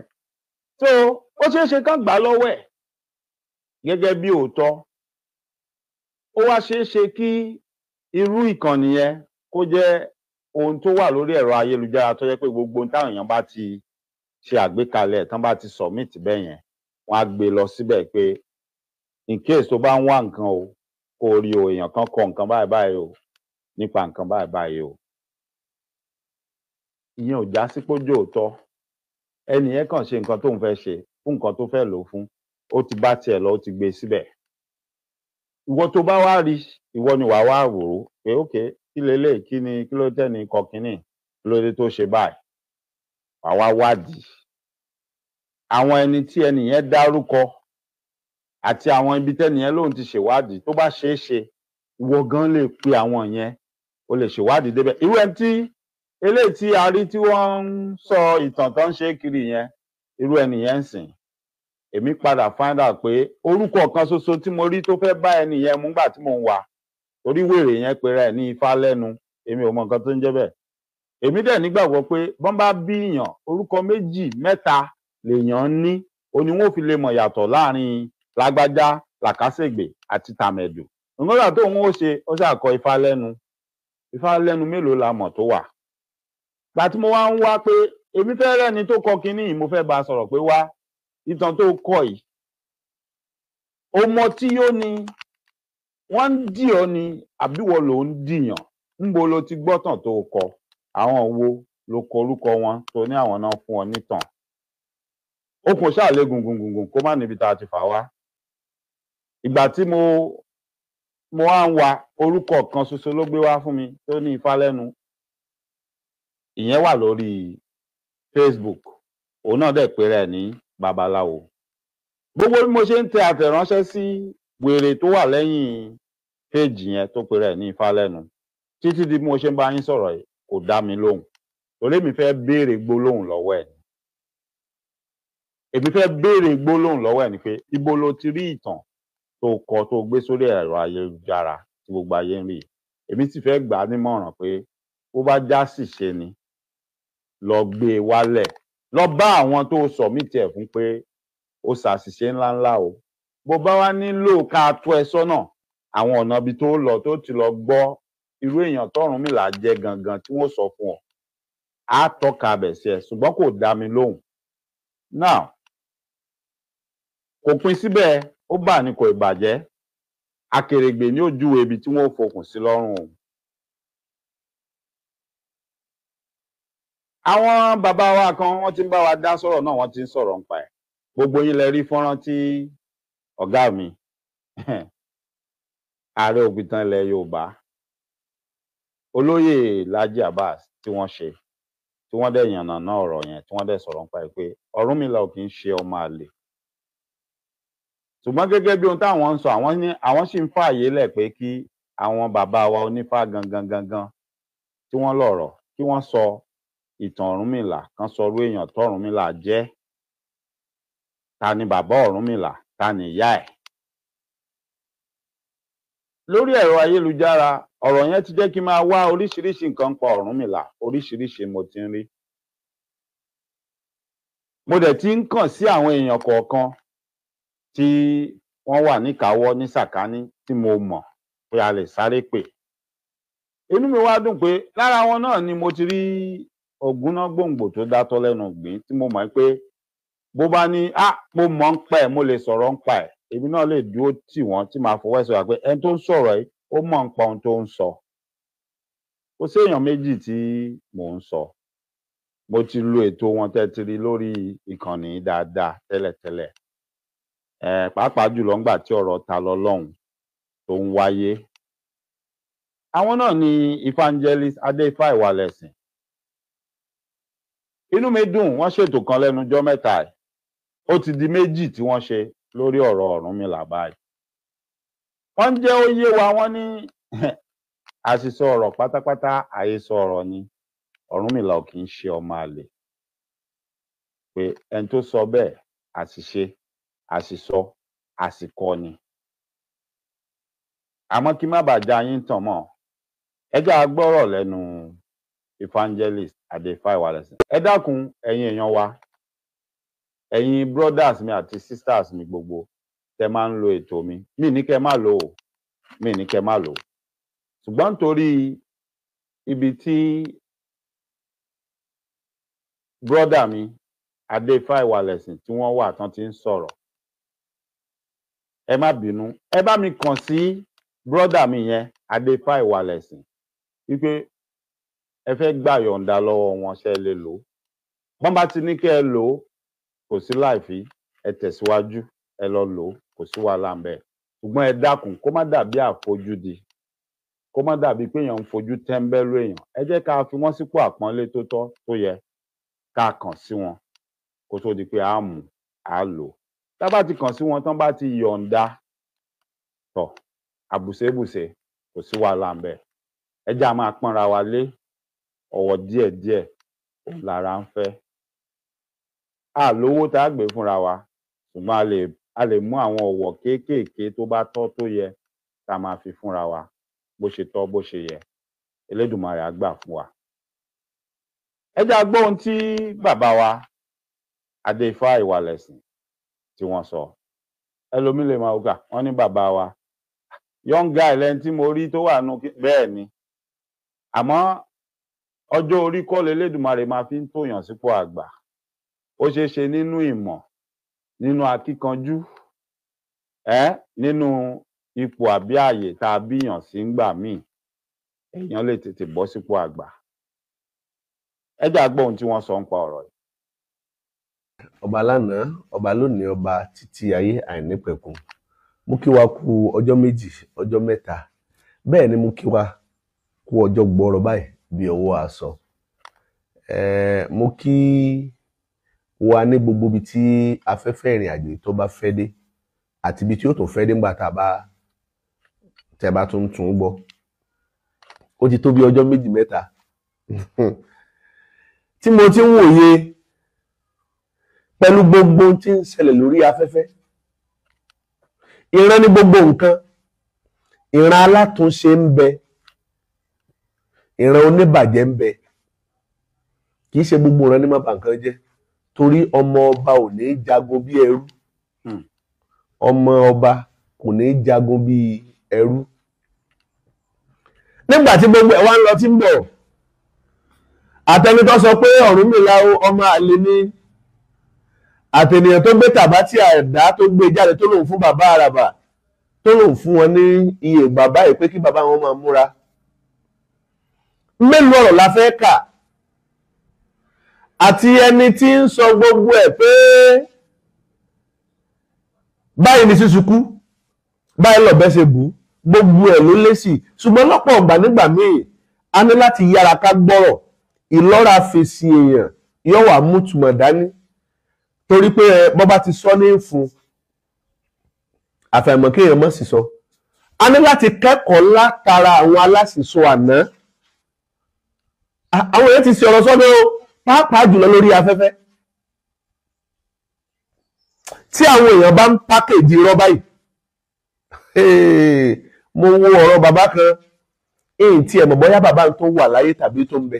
so ó ṣeé ṣe kán gbà lọ́wọ́ ẹ̀ gẹ́gẹ́ bí òótọ́ ó wá ṣeé ṣe kí irú ìkànnì yẹn kó jẹ́ ohun tó wà lórí ẹ̀rọ ayélujára tó jẹ́ pé gbogbo táwọn èèyàn bá ti ṣe àgbékalẹ̀ tán bá ti submit bẹ́ẹ̀ yẹn wọ́n á gbé lọ síbẹ̀ pé in case tó bá ń wá nǹkan o kó o rí o èèyàn kan kọ nǹkan báyìí báyìí o nípa nǹkan báyìí báyìí o ìyẹn ò já sí pójú òótọ́ ẹnì yẹn kàn ṣe nǹkan tó ń fẹ́ ṣe fún nǹkan tó fẹ́ lò fún ó ti bá tiẹ̀ lọ ó ti gbé síbẹ̀ ìwọ tó bá wá rí ìwọ ni wàá wá wò ó pé ok kí leléyìí kí ni kí ló tẹ́ ni kọkínní kí ló dé tó ṣe báyìí wàá wá wádìí àwọn ẹni tí ẹnì yẹn dárúkọ àti àwọn ibi tẹ́nì yẹn lòun ti ṣèwádìí tó bá ṣeé ṣe ìwọ gan lè pe àwọn yẹn o lè ṣèwádìí débẹ̀ irú ẹni tí eléyìí tí a rí tí wọ́n ń sọ ìtàn tó ń ṣe kiri yẹn irú ẹni yẹn ń sìn èmi padà find out pé orúkọ kan ṣoṣo tí mo rí tó fẹ́ bá ẹni yẹn mú gbà tí mò ń wà torí wèrè yẹn pera ẹ̀ ní ifá lẹ́nu èmi ò mọ nǹkan tó ń jẹ́ bẹ́ẹ̀ èmi dẹ̀ nígbàgbọ́ pé bọ́n bá bí èèyàn orúkọ méjì mẹ́ta lèèyàn ní òní wọn ò fi lè mọ̀ yàtọ̀ láàrin lágbájá làkàṣègbè àti tàmẹ̀dù nǹkan tó ń ó ṣe ó ṣàkọ ifá lẹ́nu ifá lẹ́nu mélòó la mọ̀ tó wà gbà tí mo wá ń wá pé èmi fẹ́ rẹ́ni tó kọ kinní yìí mo fẹ́ bá a sọ̀rọ̀ pé wá ìtàn tó kọ yìí ọmọ tí yóò ní wọ́n ń dì ọ́ ni àbíwọ̀ ló ń dìyàn lo ti gbọ́tàn tó kọ àwọn wo ló kọ orúkọ wọn tó ní àwọn náà fún ọ nítàn okùn ṣáàlẹ gùngùngùngùn kó má níbi tá a ti fà wá ìgbà tí mo mo wá ń wa orúkọ kan ṣoṣo ló gbé wá fún mi tó ní ifá lẹ́nu ìyẹn wà lórí Facebook òun náà dẹ̀ pé rẹ̀ ní babaláwo gbogbo bí mo ṣe ń tẹ àtẹ̀ránṣẹ́ sí wèrè tó wà lẹ́yìn péjì yẹn tó pé rẹ̀ ní ifá lẹ́nu títí di bí mo ṣe ń bá yín sọ̀rọ̀ yìí kò dá mi lóhùn torí èmi fẹ́ béèrè gbólóhùn lọ́wọ́ ẹ̀ èmi fẹ́ béèrè gbólóhùn lọ́wọ́ ẹ̀ ni pé ibo lo ti rí ìtàn tó kọ tó gbé sórí ẹ̀rọ ayélujára tí gbogbo ayé ń rí èmi sì fẹ́ gbà á nímọ̀ràn pé bó bá já sì ṣe ni lọ gbé e wálẹ̀ lọ bá àwọn tó sọ̀mìtì ẹ̀ fún pé ó ṣàṣìṣe ńláńlá o bó bá wá nílò ká tó ẹ sọ́nà àwọn ọ̀nà ibi tó lọ tó ti lọ gbọ́ irú èèyàn tọ́rùnmìlà jẹ́ gangan tí wọ́n sọ fún ọ á tọ́ka abẹ̀ sí ẹ ṣùgbọ́n kò dá mi lóhùn now kò pin síbẹ̀ ó bà ní kò ìbàjẹ́ akèrègbè ní ojú ibi tí wọ́n fokùn sí lọ́rùn òun. àwọn bàbá wa kan wọ́n ti ń bá wa dá sọ̀rọ̀ náà wọ́n ti ń sọ̀rọ̀ nípa ẹ̀ gbogbo yín lẹ rí fọ́nrán tí ọ̀gá mi ààrẹ òpìtàn ilẹ̀ yorùbá olóyè Laji abas tí wọ́n ṣe tí wọ́n dẹ̀ yànnà náà ọ̀rọ̀ yẹn tí wọ́n dẹ̀ sọ̀rọ̀ nípa ẹ̀ pé Ọ̀rúnmìlà ò kì í ṣe ọmọ àlè ṣùgbọ́n gẹ́gẹ́ bí ohun táwọn ń sọ àwọn ní àwọn sì ń fààyè lẹ̀ pé kí àwọn bàbá wa onífá gangan gangan tí wọ́n lọ̀rọ̀ kí wọ́n sọ ìtàn Ọ̀rúnmìlà kan sọrú èèyàn tọ́rúnmìlà jẹ́ ta ni bàbá Ọ̀rúnmìlà ta ni ìyá ẹ̀ lórí ẹ̀rọ ayélujára ọ̀rọ̀ yẹn ti jẹ́ kí n máa wá oríṣiríṣi nǹkan pa Ọ̀rúnmìlà oríṣiríṣi mo ti ń rí mo dẹ̀ ti ń kàn sí àwọn èèyàn kọ̀ọ̀kan tí wọ́n wà níkàáwọ́ ní sàkání tí mo mọ̀ pé a lè sáré pè inú mi wá dùn pé lára wọn náà ni mo ti rí ògúnná gbòǹgbò tó dátọ́ lẹ́nu gbìn tí mo mọ̀ pé bó bá ní ah mo mọ̀ ń pa ẹ̀ mo lè sọ̀rọ̀ ń pa ẹ̀ èmi náà lè dúró tì wọ́n tí màá fọwọ́ ẹ̀sọ́ pé ẹni tó ń sọ̀rọ̀ yìí ó mọ̀ nípa ohun tó ń sọ kò sí èèyàn méjì tí mò ń sọ mo ti lo ètò wọn tẹ́tiri lórí ìkànnì dáadáa tẹ́lẹ̀tẹ́lẹ̀ eh, pàápàá jùlọ ńgbà tí ọ̀rọ̀ ta lọ lọ́hùn tó ń wáyé àwọn náà ni evangelist adéfà ìwàlẹ̀sìn inú mi dùn wọ́n ṣètò kan lẹ́nujọ́ mẹ́ta ó ti di méjì tí wọ́n ṣe lórí ọ̀rọ̀ Ọ̀rúnmìlà báyìí wọ́n jẹ́ ó yé wa wọ́n ní àṣìṣọ ọ̀rọ̀ pátápátá àhesọ ọ̀rọ̀ ni Ọ̀rúnmìlà ò kì í ṣe ọmọ àlè pé ẹni tó sọ bẹ́ẹ̀ àṣìṣe àṣìṣọ àṣìkọ ni àmọ́ kí má bàa já yín tàn mọ́ ẹ já gbọ́rọ̀ evangelist Adéfáyé Wálẹ̀sìn ẹ dákun ẹ̀yin èèyàn wa ẹ̀yin brothers mi àti sisters mi gbogbo tẹ máa ń lo ètò mi mi ní kẹ́ má lò ó mi ní kẹ́ má lò ó ṣùgbọ́n nítorí ibi tí brother mi adéfà ìwàlẹ̀sìn tí wọ́n wà tán ti ń sọ̀rọ̀ ẹ má bínú ẹ bá mi kàn sí brother mi yẹn adéfà ìwàlẹ̀sìn wípé ẹ fẹ́ gbà yọ̀ǹda lọ́wọ́ wọn ṣe lè lò ó bọ́n bá ti ní kẹ́ ẹ lò ó kò sí láìfí ẹ tẹsíwájú ẹ lọ lò ó kò sí wàhálà ńbẹ ṣùgbọ́n ẹ dákun kó má dàbí àfojúdi kó má dàbí pé èèyàn ń fojú tẹ́ńbẹ́lú èèyàn ẹ jẹ́ ká fi wọ́n sípò àpọ́nlé tó tọ́ tó yẹ ká kàn sí wọn kó tó di pé a mú a lò tá bá ti kàn sí wọn tán bá ti yọ̀ǹda tọ̀ àbùsébùsé kò sí wàhálà ńbẹ ẹ jẹ́ a máa pọ́nra wa lé ọ̀wọ̀ díẹ̀díẹ̀ lára ń fẹ́ àlówó tá a gbé fúnra wa ṣùgbọ́n a lè a lè mú àwọn ọ̀wọ̀ kéékèèké tó bá tọ́ tó yẹ tá a máa fi fúnra wa bó ṣe tọ́ bó ṣe yẹ Elédùmarè á gbà fún wa. ẹ já gbọ́ ohun tí bàbá wa Adéifá Ìwàlẹ̀sìn tí wọ́n sọ ẹlòmíì máa gbà wọ́n ní bàbá wa young guy lẹni tí mo rí tó wà nù bẹ́ẹ̀ ni àmọ́ ọjọ́ orí kọ́ lélẹ́dùmarè máa fi ń tòyàn sípò àgbà ó ṣeé ṣe nínú ìmọ̀ nínú akíkanjú um nínú ipò àbí ààyè tá a bíyàn sí ńgbà míì èèyàn lè tètè bọ́ sípò àgbà ẹ jà gbọ́ ohun tí wọ́n sọ ń pa ọ̀rọ̀ yìí. ọba lánàá ọba lónìí ọba títí ayé àìnípẹ̀kun mú kí wa kú ọjọ́ méjì ọjọ́ mẹ́ta bẹ́ẹ̀ ni mú kí wa kú ọjọ́ gbọọrọ báyìí bí ọwọ́ aṣọ ẹ mú kí wa ní gbogbo ibi tí afẹ́fẹ́ ìrìn àjò tó bá fẹ́ dé àti ibi tí ó tún fẹ́ dé ńgbà tá a bá tẹ bá tún tún gbọ́ ó ti tó bí ọjọ́ méjì mẹ́ta tí mo ti ń wòye pẹ̀lú gbogbo tí ń ṣẹlẹ̀ lórí afẹ́fẹ́ ìran ní gbogbo nǹkan ìran alátúnṣe ń bẹ ìran oníbàjẹ́ ń bẹ kì í ṣe gbogbo ìran ní má bà nǹkan jẹ́ torí ọmọ ọba ò ní jagun bí ẹrú hmm. ọmọ ọba kò ní jagun bí ẹrú nígbà tí gbogbo ẹ̀ wá ń lọ tí ń bọ̀ àtẹni tó sọ pé Ọ̀rúnmìlà ọmọ àlè ni àtẹnìyàn tó gbé tàbá tí àdá tó gbé jáde tó lòun fún bàbá àràbà tó lòun fún wọn ní iye bàbá yìí pé kí bàbá wọn máa múra mélòó ọ̀rọ̀ la fẹ́ kà àti ẹni tí ń sọ gbogbo ẹ̀ pé báyìí ni sísukú báyìí lọ̀bẹ ṣe bù gbogbo ẹ̀ ló lésì ṣùgbọ́n lọ́pọ̀ ọ̀gbà nígbà míì a ní láti yára ká gbọ́rọ̀ ìlọ́ra fèsì èèyàn yóò wá mú tùmọ̀ dání torí pé bọ́ bá ti sọ ní fún àfàìmọ̀ kéèyàn mọ̀ sí sọ a ní láti kẹ́kọ̀ọ́ látara àwọn aláṣìṣọ àná àwọn èèyàn ti ṣe ọ̀rọ̀ sọ́dọ̀ o pàápàá jùlọ lórí afẹ́fẹ́ tí àwọn èèyàn bá ń pákéjì irọ́ báyìí mo wo ọ̀rọ̀ bàbá kan èyí tí ẹ̀ mọ̀ bóyá bàbá tó wà láyé tàbí tó ń bẹ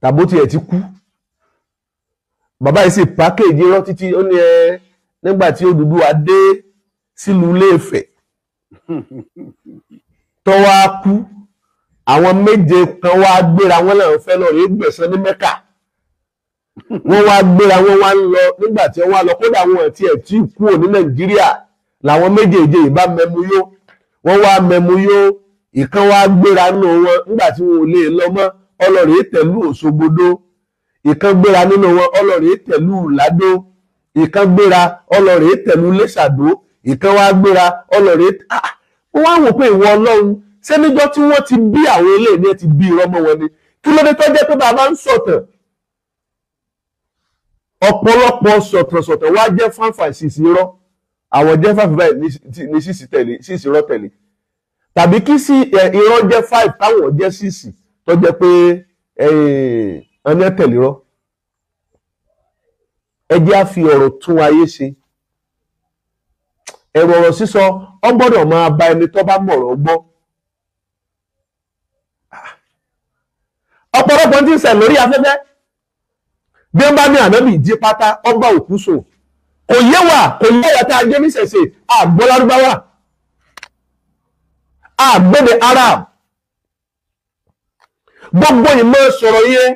tàbó tiẹ̀ ti kú bàbá yìí sì pákéjì irọ́ títí ó ní ẹ nígbà tí Odùduwà dé sílùú Ilé-Ifẹ̀ tó kú. àwọn méje kan wá gbéra wọn làwọn fẹ́ lọ rèé gbẹ̀san ní mẹ́kà wọ́n wá gbéra wọ́n wá ń lọ nígbà tí wọ́n wá lọ kódà wọn àti ẹ̀ tí kúrò ní nàìjíríà làwọn méje yìí bá mẹmu yó wọ́n wá mẹmu yó ìkan wá gbéra nù wọn nígbà tí wọn ò lọ mọ́ tẹ̀lú òṣogbodo ìkan gbéra nínú wọn tẹ̀lú ìkan gbéra tẹ̀lú lẹ́sàdó ìkan wá gbéra wọ́n ah, ah. wá wò ṣé níjọ́ tí wọ́n ti bí àwọn eléyìí ni ẹ ti bí irọ́ mọ́ wọn ni kí ló dé tó jẹ́ pé bàbá ń sọ̀tàn ọ̀pọ̀lọpọ̀ sọ̀tànsọ̀tàn wá jẹ́ fáǹfà ìṣìṣì irọ́ àwọn jẹ́ fáǹfà báyìí ní ṣìṣì tẹ̀lé ṣìṣì irọ́ tẹ̀lé tàbí kí sí irọ́ jẹ́ five táwọn jẹ́ ṣìṣì tó jẹ́ pé ẹni tẹ̀lé irọ́ ẹ á fi ọ̀rọ̀ tún ayé ṣe ẹ̀rọ ọ̀rọ̀ sísọ ọ gbọ́dọ̀ máa bá ẹni tó bá mọ̀rọ̀ gbọ́ ọ̀pọ̀lọpọ̀ ti ń ṣẹ̀ lórí afẹ́fẹ́ bí wọ́n bá ní ànábì jí pátá ọgbà òkú so kò yé wa kò yé ẹ̀yà tá a jẹ́ níṣẹ̀ṣe àgbọ́lárúbáwá àgbẹ̀dẹ̀ arab gbogbo ìmọ̀ sọ̀rọ̀ yẹn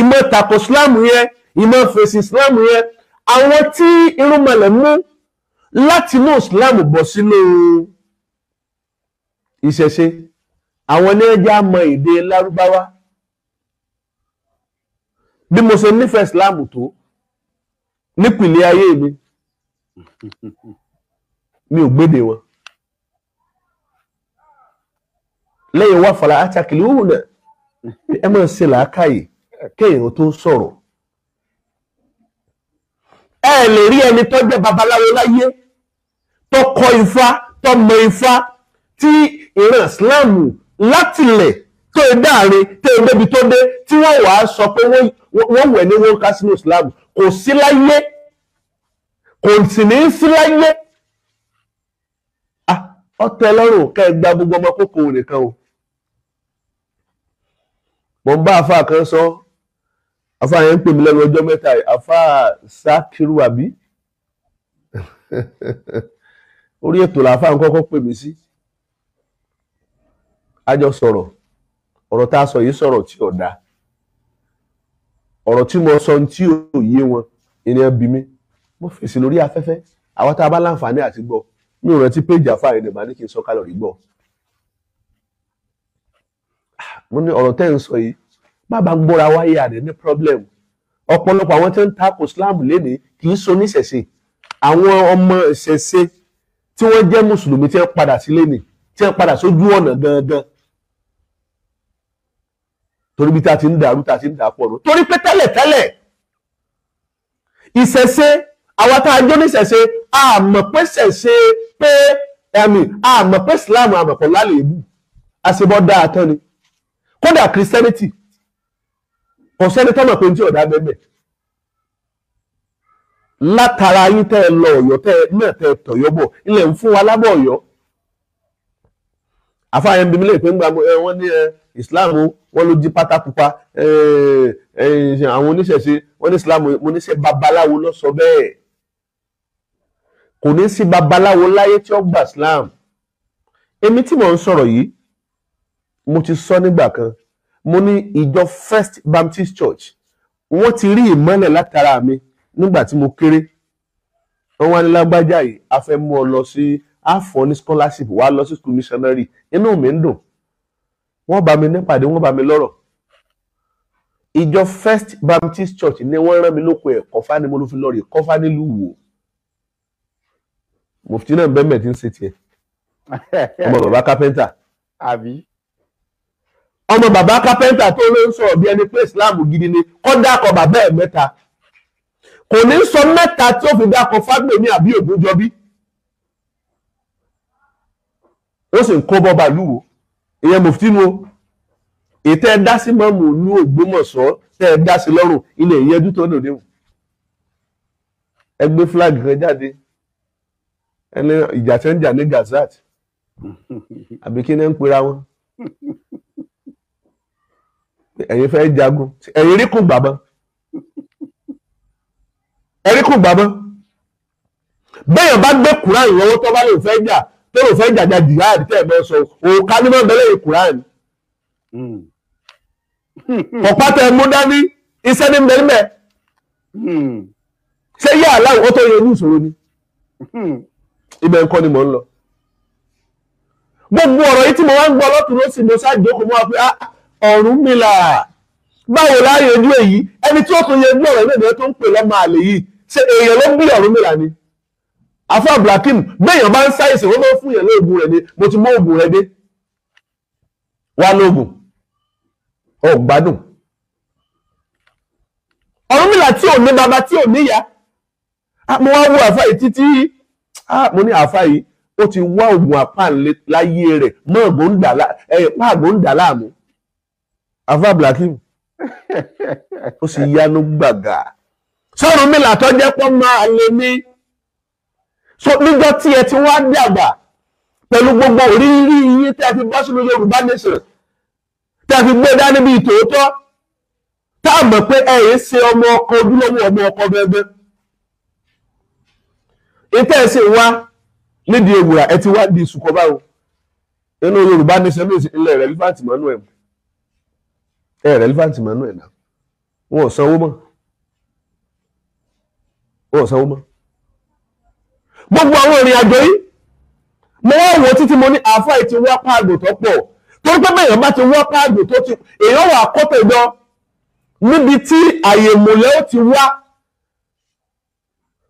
ìmọ̀ tako islam yẹn ìmọ̀ fèsì islam yẹn àwọn tí irúnmọlẹ̀ mú láti inú islam bọ̀ sínú ìṣẹ̀ṣe àwọn ní ẹjẹ́ àmọ́ èdè lárúbáwá bí mo ṣe nífẹ̀ẹ́ islam tó nípìnlẹ̀ ayé mi mi ò gbéde wọn lẹ́yìn wá fàlà àtàkìlì òun náà ẹ máa ṣe làákàyè kéèyàn tó sọ̀rọ̀ ẹ lè rí ẹni tó jẹ́ babaláwo láyé tó kọ́ ifá tó mọ ifá tí ìran islam látìlẹ̀ tó dáre tó débi tó dé tí wọ́n wàá sọ pé wọ́n wọ́n wẹ̀ ní wọ́n ká sínú Islam kò sí láyé kò sì ní sí láyé ọtẹ ah, lọ́rùn kẹ́ ẹ gba gbogbo ọmọ kókò nìkan o mo ń bá àfa kan sọ àfa yẹn ń pè mí lẹ́nu ọjọ́ mẹ́ta àfa Sakiru àbí orí ètò làáfà ń kọ́kọ́ pè mí sí a jọ sọ̀rọ̀ ọ̀rọ̀ tá a sọ yìí sọ̀rọ̀ tí ò dáa ọ̀rọ̀ tí mo sọ tí ò yé wọn ìyẹn bí mi mo fèsì lórí afẹ́fẹ́ àwọn tá a bá láǹfààní àti gbọ́ mi ò rántí péjì àfáàrí ni màá ní kí n sọ kálọ̀rì gbọ́. mo ní ọ̀rọ̀ tẹ́ ń sọ yìí má bá ń gbọ́ra wáyé àdé ní problem ọ̀pọ̀lọpọ̀ àwọn tí ń takò Islam lénìí kì í so níṣẹ̀ṣe àwọn ọmọ ìṣẹ̀ṣe tí wọ́n jẹ́ mùsùlùmí tí wọ́n padà sílé ni tí wọ́n padà sójú ọ̀nà gangan torí bí ta ti ń dàrú ta ti ń dàpọ̀ nù torí pé tẹ́lẹ̀ tẹ́lẹ̀ ìṣẹ̀ṣe àwa tá a jó ní ìṣẹ̀ṣe àmọ̀ pé ṣẹ̀ṣe pé ẹ̀mí àmọ̀ pé Islam àmọ̀pọ̀ lálẹ́bù àṣebọ́ dáa tán ni kódà Christianity kò sẹ́ni tọ́mọ̀ pé ní tí ọ̀dà bẹ́ẹ̀ látara yín tẹ́ ẹ lọ Ọ̀yọ́ tẹ́ ẹ náà tẹ́ ẹ tọ̀yọ́ bọ̀ ilẹ̀ ń fún wa lábọ̀ Ọ̀yọ́ àfààyàn bímí lè pé ń gba wọn ní islam wọn ló jí pátá pupa àwọn oníṣẹ̀ṣe wọn ní islam mo ní ṣe babaláwo ló sọ bẹ́ẹ̀ kò ní sí babaláwo láyé tí ó gba islam èmi tí mò ń sọ̀rọ̀ yìí mo ti sọ nígbà kan mo ní ìjọ first baptist church wọ́n ti rí ìmọ́lẹ̀ látara mi nígbà tí mo kéré wọ́n wá ní lágbájá yìí a fẹ́ mú ọ lọ sí. Si, á fọ ní scholarship wàá lọ sí school missionary inú mi ń dùn wọ́n bá mi nípàdé wọ́n bá mi lọ́rọ̀ ìjọ first baptist church ni wọ́n rán mi lóko ẹ̀kọ́ fani mo ló fi lọ rí ẹ̀kọ́ fani lù wò mufti náà bẹ́ẹ̀ ti ń ṣe tiẹ̀ ọmọ bàbá kápẹ́ntà ọmọ bàbá kápẹ́ntà tó ló ń sọ̀rọ̀ bí ẹni pé islam gidi ni kọ́ dákọ̀ bàbá ẹ̀ mẹ́ta kò ní sọ mẹ́ta tí ó fi dákọ̀ fágbèmí àbí ògúnjọbí. ó sì ń kó bọ́ba lúwo ìyẹn mùfútínú o ètò ẹ dá sí mọ́mù ní Ògbómọ̀ṣọ́ tẹ́ ẹ dá sí lọ́rùn ilé ìyẹ́jú tó lòdì wù ẹ gbé flag kan jáde ẹni ìjà tẹ́ ń jà ní Gazat àbí kí ni ń pera wọn ẹ̀yin fẹ́ jagun ẹ̀yin rí kùn gbàbọ́n ẹ̀rí kùn gbàbọ́n bẹ́ẹ̀ bá gbé kúrá ìrànwọ́ tó bá lè fẹ́ jà lóò fẹ́ jàjà jihad tẹ́ ẹ̀ bọ́ sọ òòkà ní máa bẹ̀rẹ̀ ìkùránì. Hmm. ọ̀pá tẹ mú dání iṣẹ́ ní bẹ̀rẹ̀ bẹ́ẹ̀. Hmm. ṣé yá aláwọ̀ ó tó yẹ ní ìṣòro ni. Hmm. ibẹ̀ ń kọ́ ni mò ń lọ. gbogbo ọ̀rọ̀ yìí tí mo wá ń gbọ́ lọ́tún ló sì mo ṣáàjì okùn mọ́ wa pé ah, ọ̀run mi là báwo láàyè ojú èyí ẹni tí ó tún yẹ ojú ọ̀rọ̀ ilé tó ń pè lọ́mọ àlè yìí ṣe èèyàn ló bí ọ̀run mi là ni. Afa abdulhakeem béèyàn bá ń ṣàìsàn wọn máa ń fún yàn lóògùn rẹ ni mo ti mú oògùn rẹ dé wá lóògùn ọ gbádùn Ọ̀rúnmìlà tí ò ní bàbá tí ò níyà ah, mo wá wo àfa yìí títí ah, mo ní àfa yìí ó ti wá oògùn àpáǹlé láyé rẹ̀ mọ́ àgbò ń dà láàmú àfa abdulhakeem ó sì yanu gbàgà s'Ọ̀rúnmìlà tó jẹ́ pọ́ máa lè ní so níjọ́ tí ẹ ti wá dàgbà pẹ̀lú gbogbo òrírí yín tẹ́ fi bọ́ sínú Yorùbá nation tẹ́ fi gbé dání bíi tòótọ́ tá a mọ̀ pé ẹ yìí ṣe ọmọ ọkọ ojúlówó ọmọ ọkọ bẹ́ẹ̀bẹ́ ìtẹ́ ẹ̀ sì wá nídìí ewùrà ẹ ti wá di ìsùkọ́ báwo inú Yorùbá nation ló ilẹ̀ relevant manuel ẹ relevant manuel náà wọn ò sanwó mọ́ wọn ò sanwó mọ́ gbogbo àwọn ìrìn àjò yìí mo wá wò títí mo ní àáfàá ti wá páàgò tó pọ̀ torí pé bẹ́ẹ̀ bá ti wá páàgò tó ti èèyàn wà kọ́tẹ̀jọ níbi tí àyè ìmùlẹ̀ ó ti wá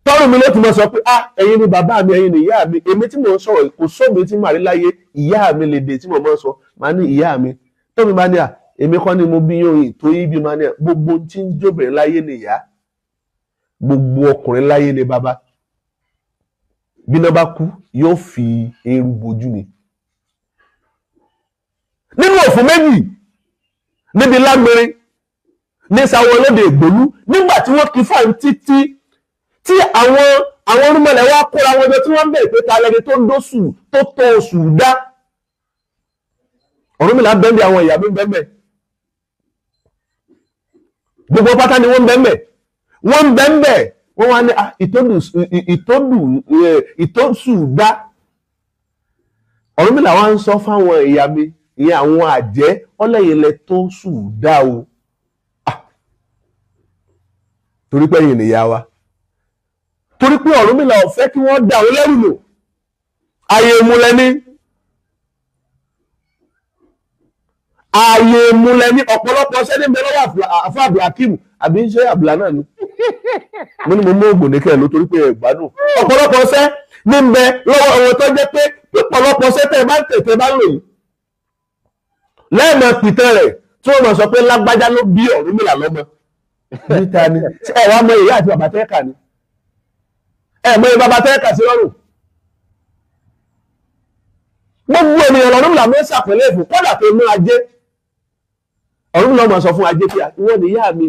tọ́rùn mi ló ti mọ̀ sọ pé ah ẹ̀yin ni bàbá mi ẹ̀yin ni ìyá mi èmi tí mò ń sọ̀rọ̀ kò sómi tí màá rí láyé ìyá mi lè dé tí mo mọ̀ sọ màá ní ìyá mi tómi máa ní à ah, èmi kọ́ ni mo bí yóò yìn tó yí bí máa ní à gbogbo tí ń jóbìnrin láyé ni ìyá gbogbo ọkùnrin láyé ni bàbá bíná bá kú yóò fi eérú bojú ni nínú òfin méjì níbi lágbèrè ní sáwọn olóde ìgbòlú nígbà tí wọ́n kì í fà ń títí tí àwọn àwọn orúmọlẹ wa kóra wọn jọ tí wọ́n bẹ̀rẹ̀ pé ta lẹni tó ń dóṣù tó tó oṣù dá Ọ̀rúnmìlà bẹ́ẹ̀ bí àwọn ìyá mi bẹ́ẹ̀ bẹ́ẹ̀ gbogbo pátá ni wọ́n bẹ́ẹ̀ bẹ́ẹ̀ wọ́n bẹ́ẹ̀ bẹ́ẹ̀ wọ́n wá ní ah, ìtòsùgbà Ọ̀rúnmìlà wá ń sọ fáwọn ìyá mi ìyẹn àwọn àjẹ́ ọlẹ́yìn lẹ tó sùdá o ah! torí pé ẹ̀yin nìyá wa torí pé Ọ̀rúnmìlà ò fẹ́ kí wọ́n dà ó lẹ́rù lò àyè ìmúlẹ̀ ni. ààyè ìmúlẹ̀ ní ọ̀pọ̀lọpọ̀ sẹ́ni bẹ́ẹ̀ lọ́wọ́ àfa abdulhakeem àbí ṣé abdulha náà ni mo ní mo mú ògùn ní kẹrìn lótorí pé ẹgbàdùn ọ̀pọ̀lọpọ̀ sẹ́ ní bẹ lọ́wọ́ ọ̀rọ̀ tó jẹ́ pé pípọ̀lọpọ̀ sẹ́ tẹ̀ bá tètè bá lò yìí lẹ́ẹ̀mọ pìtẹ́ rẹ̀ tí wọ́n mọ̀ sọ pé lágbájá ló bí Ọ̀rúnmìlà lọ́mọ níta ni ẹ̀ wá mọ èyí àti bàbá tẹ́ẹ̀kà ni ẹ̀ mọ èyí bàbá tẹ́ẹ̀kà sí lọ́rùn gbogbo ènìyàn lọ́rùn làwọn ń ṣàpẹ̀lẹ̀ fún kọ́dà tó mú ajé ọ̀run lọ́mọ sọ fún ajé pé wọ́n ní ìyá mi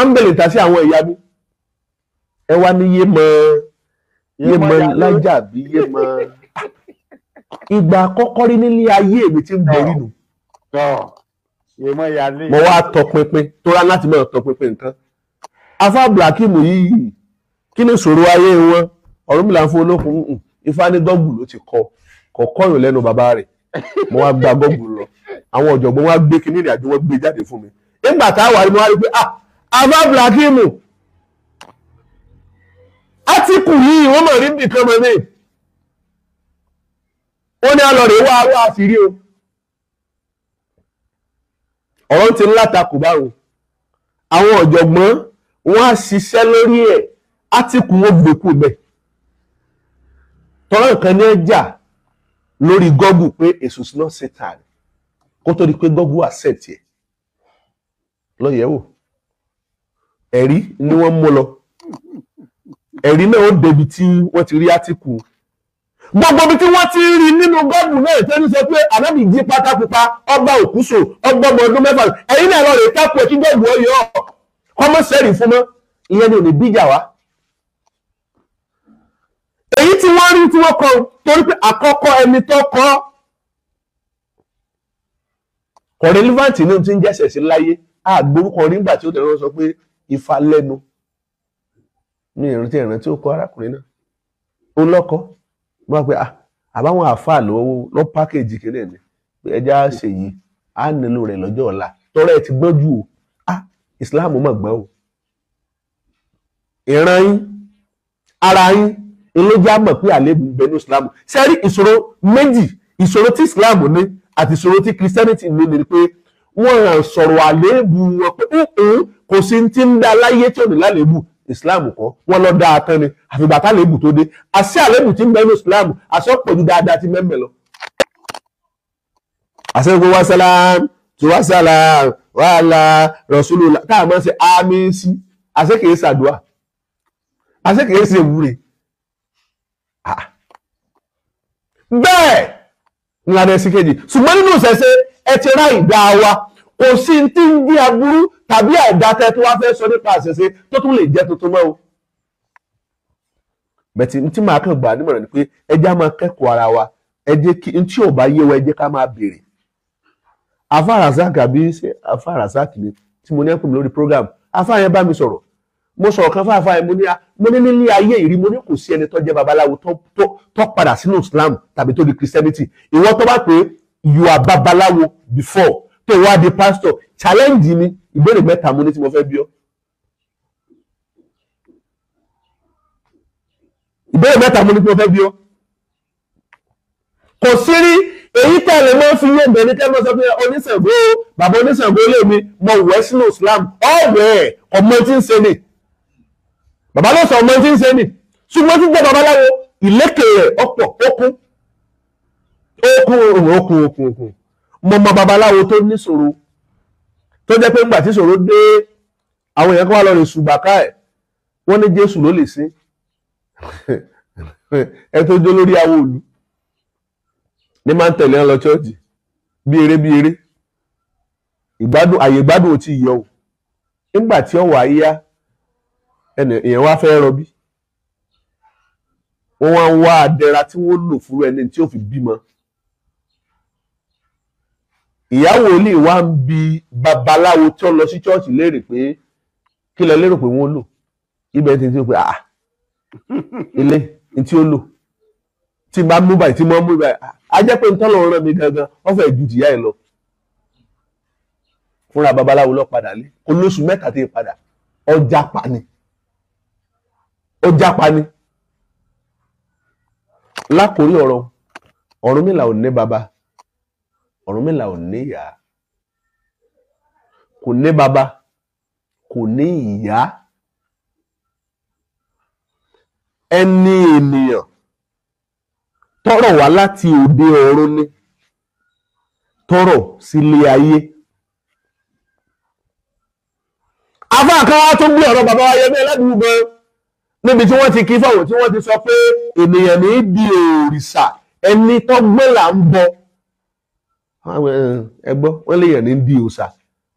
ambulance tàbí àwọn ìyá mi ẹ wá ní yé mọ yé mọ lájà bí yé mọ ìgbà àkọ́kọ́ rí nílé ayé mi ti ń borí nù mo wá tọpinpin tó rá láti máa tọpinpin nǹkan afá Ibrahim yìí kí ni ìṣòro ayé wọn Ọ̀rúnmìlà ń fún olókùn ìfanidọ́gbù ló ti kọ kọ̀ọ̀kọ́ yòó lẹ́nu bàbá rẹ̀ mo wá gba gọ́ọ̀gù lọ àwọn ọ̀jọ̀gbọ́n wá gbé kí nírìn àjò wọn gbé jáde fún mi nígbà tá a wà ní mo wá rí pé ah abá blakimu átíkù yìí wọ́n mọ̀ rí nìkan mọ̀ mí ó ní alọ́rẹ̀ wá wá sí rí o ọ̀rọ̀ ti ń látakò báwo àwọn ọ̀jọ̀gbọ́n wọ́n á ṣiṣẹ́ lórí ẹ̀ átíkù wọn gbèkú bẹ̀ tọ́rọ̀ nǹkan ní ẹ̀ jà lórí Google pé èso is not Satan kó tó di pé Google accept yẹ lọ́yẹ̀wò ẹ̀rí ni wọ́n mú lọ ẹ̀rí náà ó débi tí wọ́n ti rí átíkù gbogbo ibi tí wọ́n ti rí nínú gọ́ọ̀bù náà tẹ́lú sọ pé ànábì jí pátápupa ọba òkúso ọgbà ọmọ ọdún mẹ́fà ẹ̀yin náà lọ rè é kápò kí gọ́ọ̀bù ọyọ ọmọ fún mọ́ ìyẹn ni ò ní bíjà wá èyí tí wọ́n rí tí wọ́n kọ torí pé àkọ́kọ́ ẹni tó kọ́ kò relevant ní ti ń jẹ́sẹ̀ sí láyé àgbórúkọ nígbà tí ó tẹ̀lé wọn sọ pé ifá lẹ́nu ní ìrántí ìrántí ó kọ arákùnrin náà ó lọ́kọ́ wọ́n pe ah, àbáwọn àáfàá lọ́wọ́ lọ́ pákéjì kéré ni pé ẹja ṣèyí á nílò rẹ̀ lọ́jọ́ ọ̀la tọ́rẹ́ ẹ ti gbọ́n jù ó ah Islam mọ̀ gbọ́n o ìran yín ara yín eléjà mọ̀ pé àlébù ń bẹ ní islam sẹ́rí ìṣòro méjì ìṣòro tí islam ní àti ìṣòro tí christianity ní ni pé wọ́n sọ̀rọ̀ àlébù wọn pé kò sí ti ń dá láyé tí ò ní lálébù islam kọ́ wọ́n lọ dáa tán ni àfìgbà tálébù tó dé àṣẹ àlébù tí ń bẹ ní islam àṣọ pẹ̀lú dáadáa ti mẹ́mẹ́ lọ. àṣẹ gbogbo wa sálám tí wá sálám wàhálà rọ̀ṣúlù táà máa ń ṣe àmì sí àṣẹ kìí ṣàdúà àṣẹ kìí ṣe wúre. bẹ́ẹ̀ ni adẹ́sí kejì ṣùgbọ́n nínú ìṣẹ̀ṣe ẹ ti ra ìdá wa kò sí tí ń di aburú tàbí àìdákẹ́ tó wá fẹ́ sọ nípa àṣẹṣe tó tún lè jẹ́ tuntun mọ́ o. bẹ̀tì tí màá kàn gbà nímọ̀ràn ni pé ẹ jẹ́ á máa kẹ́kọ̀ọ́ ara wa ẹ jẹ́ kí n tí ò bá yé wa ẹ jẹ́ ká máa béèrè. afa razak àbí afa razak ni tí mo ní ẹ pè mí lórí program afa yẹn bá mi sọ̀rọ̀ mo sọ̀rọ̀ kan fún yẹn mo ní a mo ní nílé ayé ìrí mo ní kò sí ẹni tó jẹ́ babaláwo tó padà sínú Islam tàbí tó di Christianity ìwọ tó bá pé you are babaláwo before tó wá di pastor challenge mi ìbéèrè mẹ́ta mo ní tí mo fẹ́ bí ọ́. ìbéèrè mẹ́ta mo ní tí mo fẹ́ bí ọ́. kò sí rí èyí tẹ̀lé mọ́ fi yé bẹ̀rẹ̀ tẹ́lẹ̀ mọ́ sọ pé oníṣègùn bàbá oníṣègùn lèmi mo wẹ̀ sínú Islam ọ̀wẹ̀ ọmọ tí ń ṣe ni bàbá ló sọ ọmọ tí ń ṣe nì ṣùgbọ́n tí jẹ́ babaláwo ìlékè rẹ̀ ọ̀pọ̀ okun okun okun okun okun mo mọ babaláwo tó níṣòro tó jẹ́ pé ńgbà tí ṣòro dé àwọn èèyàn kan wà lọ́rọ̀ èṣù bàká ẹ̀ wọ́n ní jésù ló lè sí ẹ tó jó lórí awo òlu ní máa ń tẹ̀lé ẹ lọ chọ́ọ̀jì bí eré bí eré ìgbádùn àyè ìgbádùn ò tí ì yọ o nígbà tí ọwọ́ àyíyá ẹnì èèyàn wá fẹ́ rọbí wọ́n wá ń wá adẹ́ra tí wọ́n lò fún ẹni tí ó fi bímọ ìyá wòlíì wá ń bi babaláwo tí ó lọ sí ṣọ́ọ̀ṣì léèrè pé kí lẹ lérò pé wọ́n lò ibẹ̀ ti ti pé ah ilé tí ó lò tí bá mú báyìí tí mo mú báyìí ah, a jẹ́ pé nǹkan lọ́ọ́ rán mi gangan wọ́n fẹ́ ju tìyá ẹ̀ lọ fúnra babaláwo lọ padà lé olóṣù mẹ́ta ti padà ọjà pa ni ó jápa ni lákòrí ọ̀rọ̀ Ọ̀rúnmìlà ò ní bàbá Ọ̀rúnmìlà ò ní ìyá kò ní bàbá kò ní ìyá ẹni ènìyàn tọrọ wá láti òde ọ̀run ni tọrọ sílé ayé afáàkàn wa tó gbé ọ̀rọ̀ bàbá wa yẹmí ẹlẹdùn gan níbi tí wọ́n ti kí fáwọn tí wọ́n ti sọ pé ènìyàn ní di òrìṣà ẹni tó gbé là ń bọ ẹgbọ́ wọ́n léèyàn ní di òrìṣà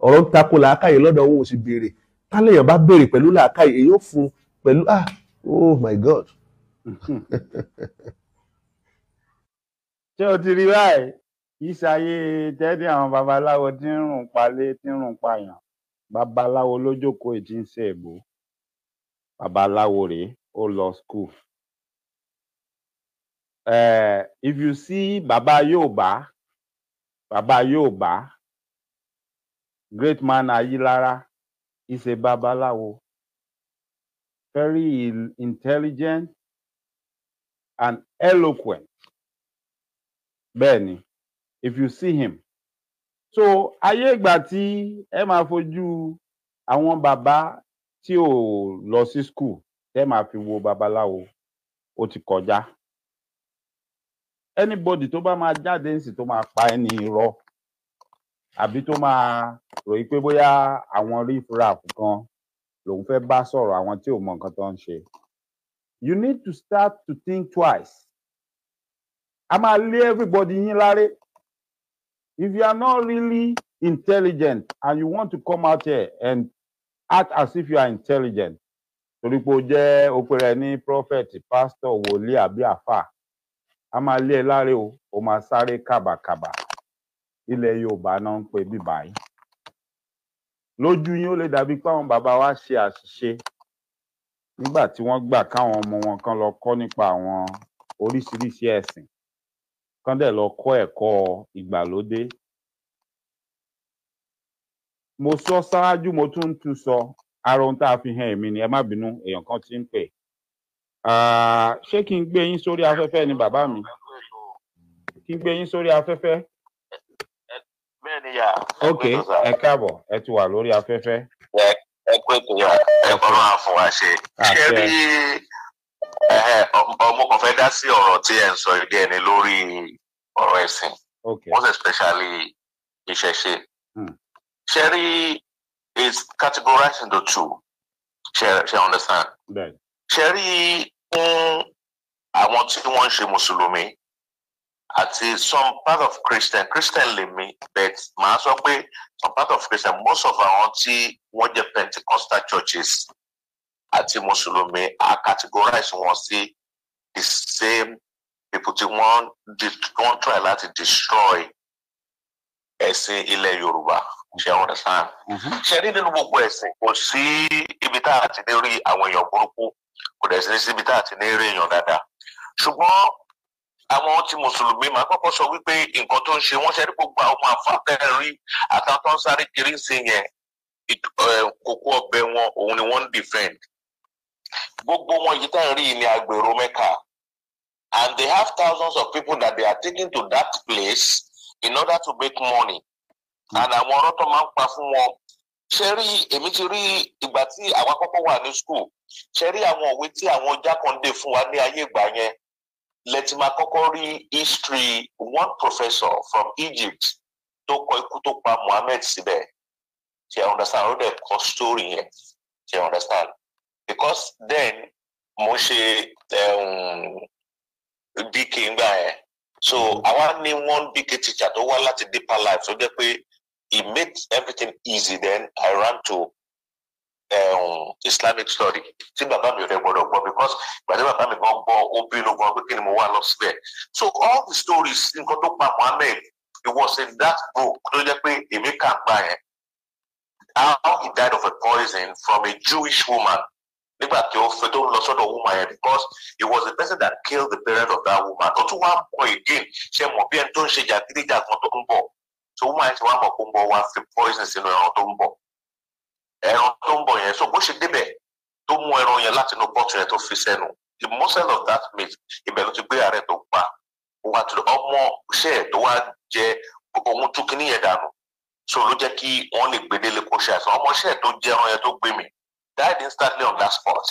ọ̀rọ̀ ń takò làákàyè lọ́dọ̀ òun ò sì béèrè tá bá béèrè pẹ̀lú làákàyè èyí ó fún pẹ̀lú ah oh my god. ṣé o ti rí báyìí yìí ṣayé tẹ́tí àwọn babaláwo tí ń rùn palẹ̀ tí ń rùn pààyàn babaláwo lójókòó ìtí babaláwo rèé ó lọ school uh, if you see baba Yorùbá baba Yorùbá great man Ayilara is a babaláwo very intelligent and eloquent bẹ́ẹ̀ni if you see him so ayé ìgbà tí ẹ máa fojú àwọn bàbá tí ò lọ sí school tẹ́ máa fi wo babaláwo ó ti kọjá anybody tó bá máa jáde nsì tó máa pa ẹni irọ́ àbí tó máa ròyìn pé bóyá àwọn riffraff kan lòun fẹ́ bá sọ̀rọ̀ àwọn tí ò mọ nǹkan tó ń ṣe you need to start to think twice a máa lé everybody yín láré if you are not really intelligent and you want to come out here and act as if you are intelligent torí pé o jẹ́ o pé ní prophet pastor wòlíì àbí àfà a máa lé ẹ láre o o máa sáré kàbàkàbà ilẹ̀ yorùbá náà ń pè bíbá yìí lójú yín ó lè dàbí pé àwọn bàbá wa ṣe àṣìṣe nígbà tí wọ́n gbà káwọn ọmọ wọn kan lọ kọ́ nípa àwọn oríṣiríṣi ẹ̀sìn kán dẹ̀ lọ kọ́ ẹ̀kọ́ ìgbàlódé mo sọ ṣáájú mo tún ń tún sọ ara ohun tá a fi hàn èmi ni ẹ má bínú èèyàn kan ti ń pè ṣé kí n gbé yín sórí afẹ́fẹ́ ni bàbá mi kí n gbé yín sórí afẹ́fẹ́. bẹ́ẹ̀ ni yà. ok ẹ káàbọ̀ ẹ ti wà lórí afẹ́fẹ́. ẹ pé kò yà ẹ kọ́ máa fún wa ṣe ṣé rí ọmọ kan fẹ́ dá sí ọ̀rọ̀ tí ẹ̀ ń sọ ìdí ẹni lórí ọ̀rọ̀ ẹ̀sìn most especially ìṣẹ̀ṣe. Sherry is categorized into two. She, she understand. Sherry fún àwọn tí wọ́n ń ṣe ati some part of Christian Christian lemi, but màá sọ pé some part of Christian most of àwọn tí wọ́n jẹ́ Pentecostal churches ati Mùsùlùmí are categorized wọn sí the same people tí wọ́n wọ́n try láti destroy ẹ̀sìn ilẹ̀ Yoruba ṣe ọ̀rẹ́ sáà mm-hmm. ṣe rí nínú gbogbo ẹ̀sìn kò sí ibi tá a ti ní rí àwọn èèyàn burúkú kò dẹ̀ sí síbi tá a ti ní rí èèyàn dáadáa ṣùgbọ́n àwọn tí mùsùlùmí máa kọ́kọ́ sọ wípé nǹkan tó ń ṣe wọ́n ṣe rí gbogbo àwọn afáfẹ́rí àtàtọ́ sáré kiri sí yẹn kókó ọbẹ̀ wọn òun ni wọ́n ń defend gbogbo wọn yìí tá à rí ní agbèrò mẹ́ka and they have thousands of people that they are taking to that place in order to make money And àwọn ọ̀rọ̀ tó máa ń pa fún wọn ṣe rí èmi ti rí ìgbà tí àwa kọ́kọ́ wà ní school ṣe rí àwọn òwe tí àwọn jákàndé fún wa ní ayé ìgbà yẹn lẹ́tí máa kọ́kọ́ rí history one professor from Egypt tó kọ ikú tó pa Mohammed síbẹ̀ ṣe i understand ó dẹ̀ kọ story yẹn ṣe i understand because then mo ṣe um, bk ngbà yẹn so àwa ní one bk teacher tó wá láti deeper life tó jẹ́ pé He made everything easy. Then I ran to um, Islamic study. Tí bàbá mi rẹ̀ gbọ́dọ̀ gbọ́ because gbàdé bàbá mi gan gbọ́ ó bínú gan pé kí ni mo wá lọ síbẹ̀. So all the stories nǹkan tó pa Mohammed it was in that book tó jẹ́ pé èmi kà ń gbà yẹn. How he died of a poison from a Jewish woman nígbà tí ó fẹ́ tó ń lọ sọ́dọ̀ woman yẹn because it was the person that killed the parent of that woman. Ó tún wá ń bọ̀ again ṣe mọ̀ bí ẹni tó ń ṣe jàgídíjàgan tó ń bọ̀ so woman yẹn ti wá mọ̀ pé ń bọ̀ wá fi poison sínú ẹran tó ń bọ̀ ẹran tó ń bọ̀ yẹn so bó ṣe débẹ̀ tó mú ẹran yẹn láti inú bọ́ọ̀tù yẹn tó fi sẹ́nu the muscle of that meat ibẹ̀ ló ti gbé ààrẹ tó pa wà tó ọmọ iṣẹ́ ẹ̀ tó wá jẹ òun tún kíní yẹn dànù so ló jẹ́ kí wọ́n lè gbé délé kó ṣe àìsàn ọmọ iṣẹ́ ẹ̀ tó jẹ ẹran yẹn tó gbé mi died instantly on that spot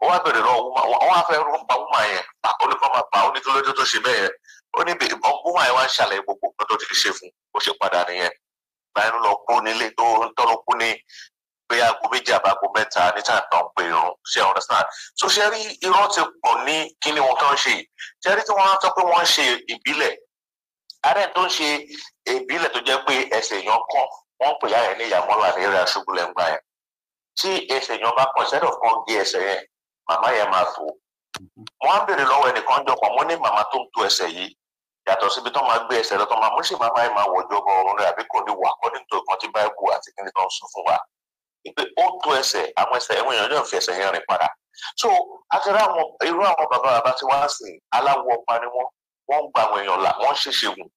wọ́n á bẹ̀rẹ̀ lọ́wọ́ wọ́n á fẹ́ rọ́ọ̀pá wọ́n máa yẹn ó ní kọ́ máa pa ó ní kí lóde tó ṣe bẹ́ẹ̀ yẹn ó ní bí ọgbọ́n àìwá ń ṣàlàyé gbogbo nǹkan tó ti fi ṣe fún bó ṣe padà nìyẹn láìnú lọ kú nílé tó ń tọ́lọ́ kú ní pé aago méjì àbáago mẹ́ta níta tó ń pe irun ṣe ọ̀rọ̀ sáà tó ṣe rí irọ́ ti pọ̀ ní kí ni wọn tó ń ṣe ṣe rí tí wọ́n á sọ pé wọ́n ń ṣe ìbílẹ̀ ààrẹ tó ń ṣe ìbílẹ̀ tó jẹ́ pé ẹsẹ̀ èèyàn kàn wọ́n pè yára ní ìyàmọ́lá ní eré aṣọ́gbọ̀lẹ̀ ń gbà yẹn tí ẹsẹ̀ èèyàn bá kàn sẹ́dọ̀ kan gé ẹsẹ̀ yẹn màmá yẹn máa tó mm-hmm. wọ́n á béèrè lọ́wọ́ ẹnìkan jọkàn mo ní màmá tó ń to ẹsẹ̀ yìí yàtọ̀ síbi tó máa gbé ẹsẹ̀ lọ tó máa mú sì máa máa máa wọ̀jọ́ bọ ọ̀run rẹ̀ àbí kò ní wà kọ́ nítorí kan tí báyìí àti kí ni tó ń sọ fún wa pé ó tó ẹsẹ̀ àwọn ẹsẹ̀ ẹ̀wọ̀n èèyàn náà fi ẹsẹ̀ yẹn rìn padà so akẹ́rẹ́ àwọn irú àwọn bàbá bàbá tí wọ́n á sìn aláwọ̀ ọba ni wọ́n wọ́n ń gba àwọn èèyàn là wọ́n ń ṣèṣègùn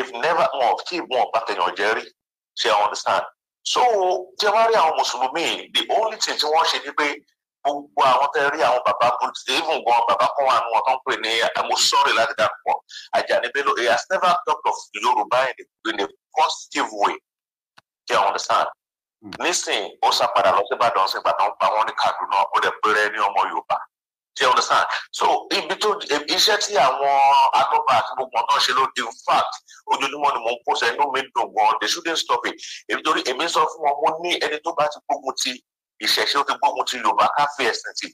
if never wọn tí wọn bá tẹ̀yàn jẹ́ rí ṣe understand so jẹ́ wá rí àwọn mùsùlùmí the only thing tí wọ́n ṣe ni pé gbogbo àwọn tẹ rí àwọn bàbá even gan bàbá kan wà nù wọn tó ní amúsọ́rì eh, láti dàpọ̀ Ajani Bello he has never talked of Yorùbá in a, in a positive way do you understand hmm. nísìn ó sàpadà lọ sí Ìbàdàn sí Ìbàdàn pa wọn ní Kaduna ó dẹ̀ péré ní ọmọ Yorùbá do you understand so ibi tó iṣẹ́ tí àwọn agbọ́ba àti gbogbo náà ṣe ló di in fact ojoojúmọ́ ni mò ń kó sẹ́yìn ló mi dùn gan they shouldn't stop it èmi torí èmi sọ fún wọn mo ní ẹni tó bá ti gbógun ti ìṣẹ̀ṣe ó ti gbógun ti yorùbá ká fi ẹ̀sìn tì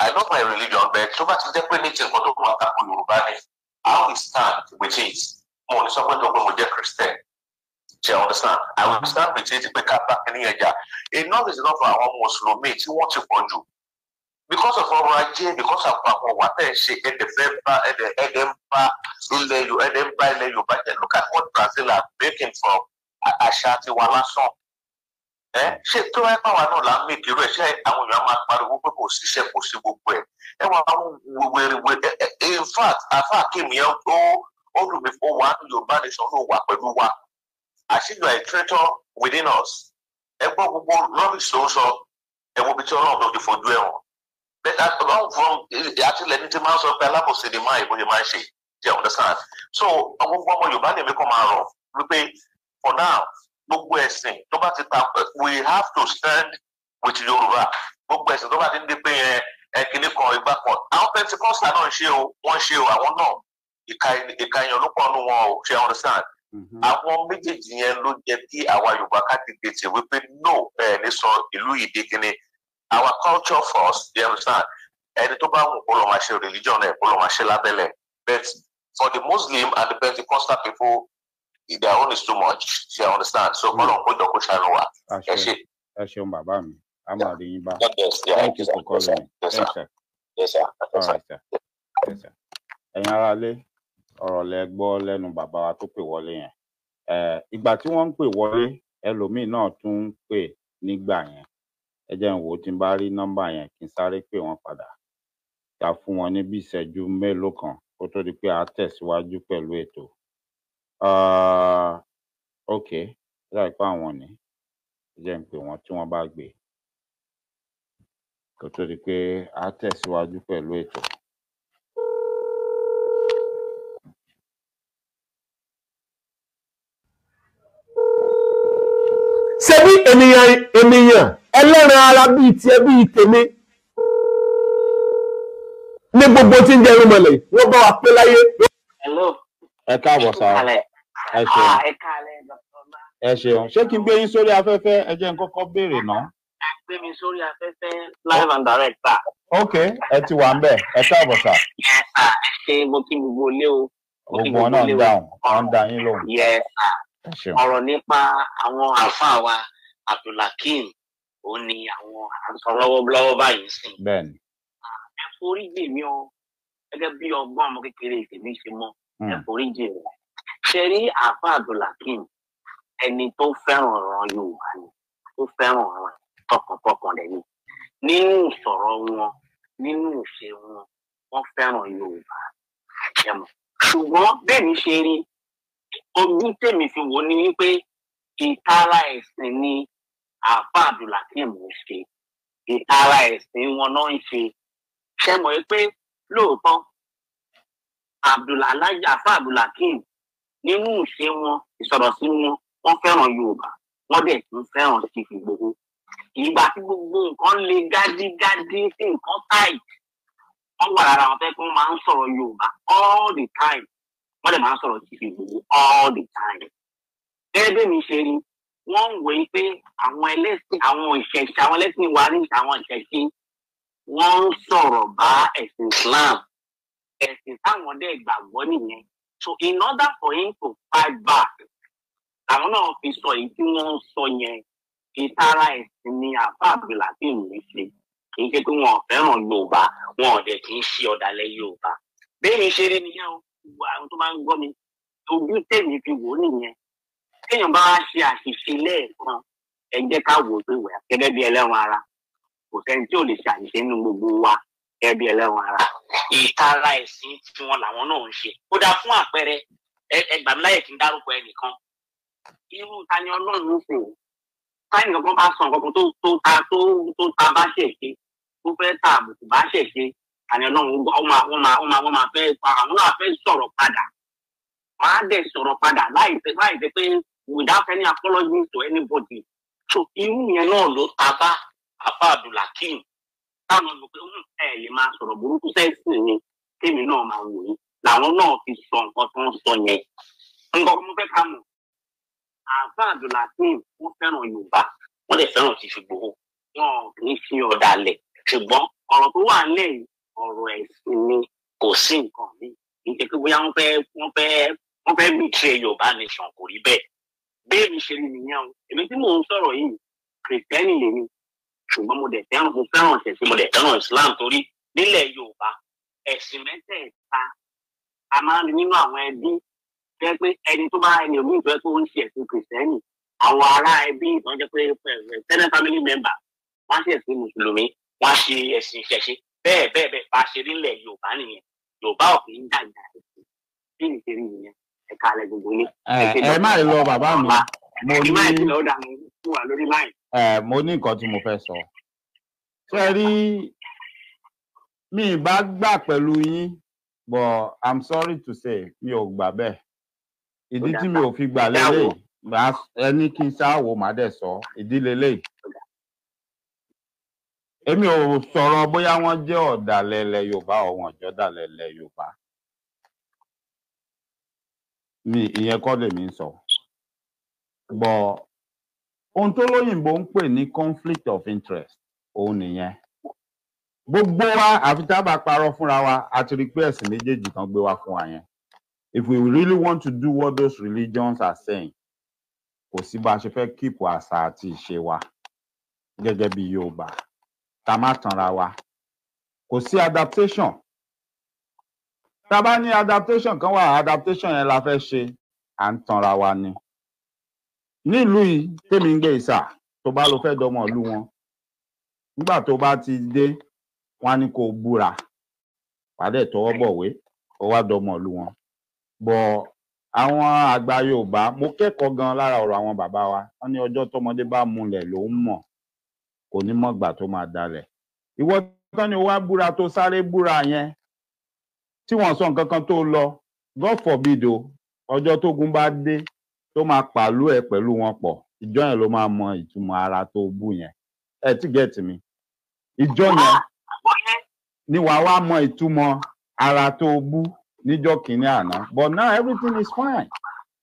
i love my religion but tó bá ti jẹ́ pé nature nǹkan tó kún àtàkùn yorùbá ni i will stand with it mo ò ní sọ pé tó pé mo jẹ́ christian ṣe understand i will stand with it pé ká bá kíní ẹja enough is enough for àwọn mùsùlùmí tí wọ́n ti pọ̀ jù because of ọrọ̀ ajé because of àwọn wà tẹ̀ ṣe ẹ̀dẹ̀ fẹ́ bá ẹ̀dẹ̀ ẹ̀dẹ̀ ń bá ilẹ̀ yorùbá ẹ̀dẹ̀ ń bá ilẹ̀ yorùbá jẹ́ look at what brazil are making from àṣà tiwa lásán ẹ ṣé tó wáyé pàwọn náà là ń mí kiri ẹ ṣé àwọn èèyàn máa pariwo pé kò síṣẹ́ kò sí gbogbo ẹ ẹ wà àwọn wèrèwèrè in fact afa akémi ẹ ó ó dùn mí fún wa Yorùbá nation ló wà pẹ̀lú wa àṣìyàn ẹ traitor within us ẹ gbọ́ gbogbo rubbish ló ń sọ ẹ wo ibi tí Ọlọ́run tó ti fojú ẹ wọn báwo fún àtìlẹ́yìn tí máa ń sọ pé alábòsí ni máa ìbòye máa ń ṣe you understand so àwọn gbogbo ọmọ Yorùbá lèmi kan máa rọ wípé for now gbogbo ẹ̀sìn tó bá ti ta we have to stand with yorùbá gbogbo ẹ̀sìn tó bá ti ń di pé yẹn ẹkìnní kan ìgbà kan àwọn pentikosta náà ń ṣe o wọ́n ṣe o àwọn náà ìka èèyàn ló pọnú wọn o ṣe àwọn understand mm-hmm. àwọn méjèèjì yẹn ló jẹ́ kí àwa yorùbá ká dìde tì wípé no ẹ ní sọ ìlú yìí di kíni our culture first you understand ẹni tó bá wù kó lọ máa ṣe religion ẹ kó lọ máa ṣe lábẹ́lẹ̀ but for the muslim and the pentikosta people their own is too much ṣe i understand so kọ́lọ̀ on, put the ṣàánú wa ẹ ṣe. ẹ ṣeun bàbá mi a máa Yes, yín bá thank you for calling yes sir yes sir yes sir ẹ̀yin aráalé ọ̀rọ̀ lẹ gbọ́ lẹ́nu bàbá wa tó pè wọlé yẹn ìgbà tí wọ́n ń pè wọlé ẹlòmíín náà tún ń pè nígbà yẹn ẹ jẹ́ n wò ó tí n bá rí nọ́mbà yẹn kí n sáré pè wọ́n padà ta fún wọn ní bí ìṣẹ́jú mélòó kan kó tó di pé a tẹ̀síwájú pẹ̀lú ètò Ah, okay. Ó dàbí pé àwọn ni. Ẹ jẹ́ n pè wọ́n tí wọ́n bá gbé e. Kó tó di pé à á tẹ̀síwájú pẹ̀lú ètò. Ṣebí ènìyàn ènìyàn ẹlẹ́ran ara bíi tiẹ̀ bíi tèmi ní gbogbo tí ń jẹ irúnmọlẹ̀ wọ́n bá wa pé láyé. Hello ẹ káàbọ̀ sá ẹ ṣeun ah, ẹ ṣeun ṣé kí n gbé yín sórí afẹ́fẹ́ ẹ jẹ́ n kọ́kọ́ béèrè náà. gbé mi sórí afẹ́fẹ́ live and direct sá. ok ẹ ti wà ń bẹ̀ ẹ káàbọ̀ sá. ẹ sá ẹ ṣe mo kí gbogbo ilé o. gbogbo náà ń dáhùn ọ̀ ń dá yín lóhùn. yẹ sá ọ̀rọ̀ nípa àwọn àáfàá wa abdulhakeem ó ní àwọn àǹsọ lọ́wọ́lọ́wọ́ báyìí sìn. bẹ́ẹ̀ni. Ah, ẹ forí jì mí o gẹ́gẹ́ bí ọgbọ́n ọmọ kékeré tèmi ṣe mọ́ ẹ̀kúríjì hmm. rẹ̀ ṣe rí àfa abdulhakeem ẹni tó fẹ́ràn ọ̀ràn yorùbá ni tó fẹ́ràn ọ̀ràn tọkàntọkàn rẹ̀ ni nínú ìsọ̀rọ̀ wọn nínú ìṣe wọn wọ́n fẹ́ràn yorùbá ẹ̀mọ̀ ṣùgbọ́n bẹ́ẹ̀ ni ṣe rí ojú tèmi fi wò ni wípé ìtara ẹ̀sìn ni àfa abdulhakeem ń ṣe ìtara ẹ̀sìn wọn náà ń ṣe ṣe mọ̀ pé lóòótọ́ abdullahi afa abdulhakeem nínú ìṣe wọn ìsọdọ̀sí wọn wọ́n fẹ́ràn yorùbá wọ́n dẹ̀ tún fẹ́ràn Chief Igboho ìgbà tí gbogbo nǹkan le gádígádí sí nǹkan táì wọ́n wà lára àwọn fẹ́ kí wọ́n máa ń sọ̀rọ̀ yorùbá all the time wọ́n dẹ̀ máa ń sọ̀rọ̀ Chief Igboho all the time gẹ́gẹ́ bí mi ṣe ni wọ́n ń wòye pé àwọn ẹlẹ́sìn àwọn ìṣẹ̀ṣẹ̀ àwọn ẹlẹ́sìn wa ní àwọn ìṣẹ̀ṣẹ̀ wọ́n ń sọ̀rọ̀ bá ẹ̀sìn Islam ẹ̀sìn táwọn dẹ̀ gbàgbọ́ nìyẹn so in order for him to fight back àwọn náà fi sọ èyí tí wọ́n ń sọ yẹn ìtara ẹ̀sìn ni àbá àgbèlà tí mò ń ṣe kì í ṣe pé wọn ò fẹ́ràn Yorùbá wọn ò dẹ̀ kì í ṣe ọ̀dàlẹ̀ Yorùbá bẹ́ẹ̀ ni ṣe rí nìyẹn o àwọn tó máa ń gbọ́ mi ojú tèmi fi wò ó nìyẹn téèyàn bá wá ṣe àṣìṣe lẹ́ẹ̀kan ẹ jẹ́ ká wò ó pé wẹ̀ gẹ́gẹ́ bí ẹlẹ́ran ara kò sẹ́ni tí ò lè ṣe nínú gbogbo wa ebi bí ẹlẹ́wọ̀n ara ìtara ẹ̀sìn tí wọn làwọn náà ń ṣe fún àpẹẹrẹ kí n dárúkọ ẹnìkan irú tani ọlọ́run ń pè táyì kankan bá sàn kankan ta tó tó ta ta àbùkù bá tani ọlọ́run ó máa wọ́n máa wọ́n máa máa fẹ́ àwọn náà fẹ́ sọ̀rọ̀ padà without any apology to anybody so irú yẹn náà ló ta bá àbá táwọn mọ̀ pé hmm, ẹ lè máa sọ̀rọ̀ burúkú sẹ́sìn ni tèmi náà máa wò yín làwọn náà fi sọ nǹkan tó ń sọ yẹn nǹkan mo fẹ́ ká mọ̀ àfa abdulhakeem wọ́n fẹ́ràn yorùbá wọ́n lè fẹ́ràn ti ṣùgbọ́n wọn kì í fi ọ̀dàlẹ̀ ṣùgbọ́n ọ̀rọ̀ tó wà nílẹ̀ ọ̀rọ̀ ẹ̀sìn ni kò sí nǹkan mi ìjẹ pé bóyá wọ́n fẹ́ wọ́n fẹ́ wọ́n fẹ́ mìtìrẹ yorùbá nation kò rí bẹ́ẹ̀ bẹ́ẹ̀ mi ṣe rí nìyẹn o èmi tí mò ń sọ̀rọ̀ yìí kìrìtẹ́nì lèmi ṣùgbọ́n mo dẹ̀ fẹ́ràn mo fẹ́ràn ẹ̀sìn mo dẹ̀ fẹ́ràn Islam torí nílẹ̀ Yorùbá ẹ̀sìn mẹ́tẹ̀ẹ̀ta a máa ń nínú àwọn ẹbí jẹ́ pé ẹni tó bá ẹni òmíì tó yẹ kó ń ṣe ẹ̀sìn kìrìsìtẹ́nì àwọn ará ẹbí ìtàn jẹ́ pé eh, extended family member wọ́n ṣe ẹ̀sìn mùsùlùmí wọ́n ṣe ẹ̀sìn ìṣẹ̀ṣe bẹ́ẹ̀ bẹ́ẹ̀ bẹ́ẹ̀ bá ṣe nílẹ̀ Yorùbá nìyẹn Yorùbá ò eh, ẹ má lọ bàbá mi. ẹ má lọ dànù fún wa lórí máyì mo ní nǹkan tí mo fẹ́ sọ ṣe rí mi ìbá gbà pẹ̀lú yín but i'm sorry to say mi ò gbà bẹ́ẹ̀ ìdí tí mi ò fi gbà lélẹ̀ ẹni kí n ṣáàwò má dẹ̀ sọ ìdí lélẹ̀ èmi ò sọ̀rọ̀ bóyá wọ́n jẹ́ ọ̀dàlẹ̀ ilẹ̀ yorùbá ọ̀wọ́n ìjọ́dàlẹ̀ ilẹ̀ yorùbá mi ìyẹn kọ́ lèmi ń sọ but ohun tó lóyìnbó ń pè ní conflict of interest òun nìyẹn gbogbo wa àfi tá a bá parọ́ fúnra wa a ti rí pé ẹ̀sìn méjèèjì kan gbé wa fún wa yẹn if we really want to do what those religions are saying kò sí bá a ṣe fẹ́ kíìpù àṣà àti ìṣe wa gẹ́gẹ́ bí Yorùbá ká má tanra wa kò sí adaptation tá a bá ní adaptation kan wà adaptation yẹn la fẹ́ ṣe à ń tanra wa ni nílùú yìí tèmi ń gbé ìsà tó bá lọ fẹ́ dọmọ ìlú wọn nígbà tó bá ti dé wọn á ní kó búra pàdé tọwọ́ bọ̀wé ó wá dọmọ ìlú wọn bọ àwọn àgbà Yorùbá mo kẹ́kọ̀ọ́ gan lára ọ̀rọ̀ àwọn bàbá wa wọn ní ọjọ́ tọmọdé bá múlẹ̀ ló ń mọ̀ kò ní mọ̀gbà tó máa dalẹ̀ ìwọ tán ni wàá búra tó sáré búra yẹn tí wọ́n sọ nǹkan kan tó lọ God forbid o ọjọ́ tógun bá dé tó máa pàlú ẹ pẹ̀lú wọn pọ̀ ìjọ yẹn ló máa mọ ìtumọ̀ ara tó bú yẹn ẹ ti gẹẹtì mi ìjọ yẹn ni wàá wá mọ ìtumọ̀ ara tó bú níjọ́ kìíní àná but now everything is fine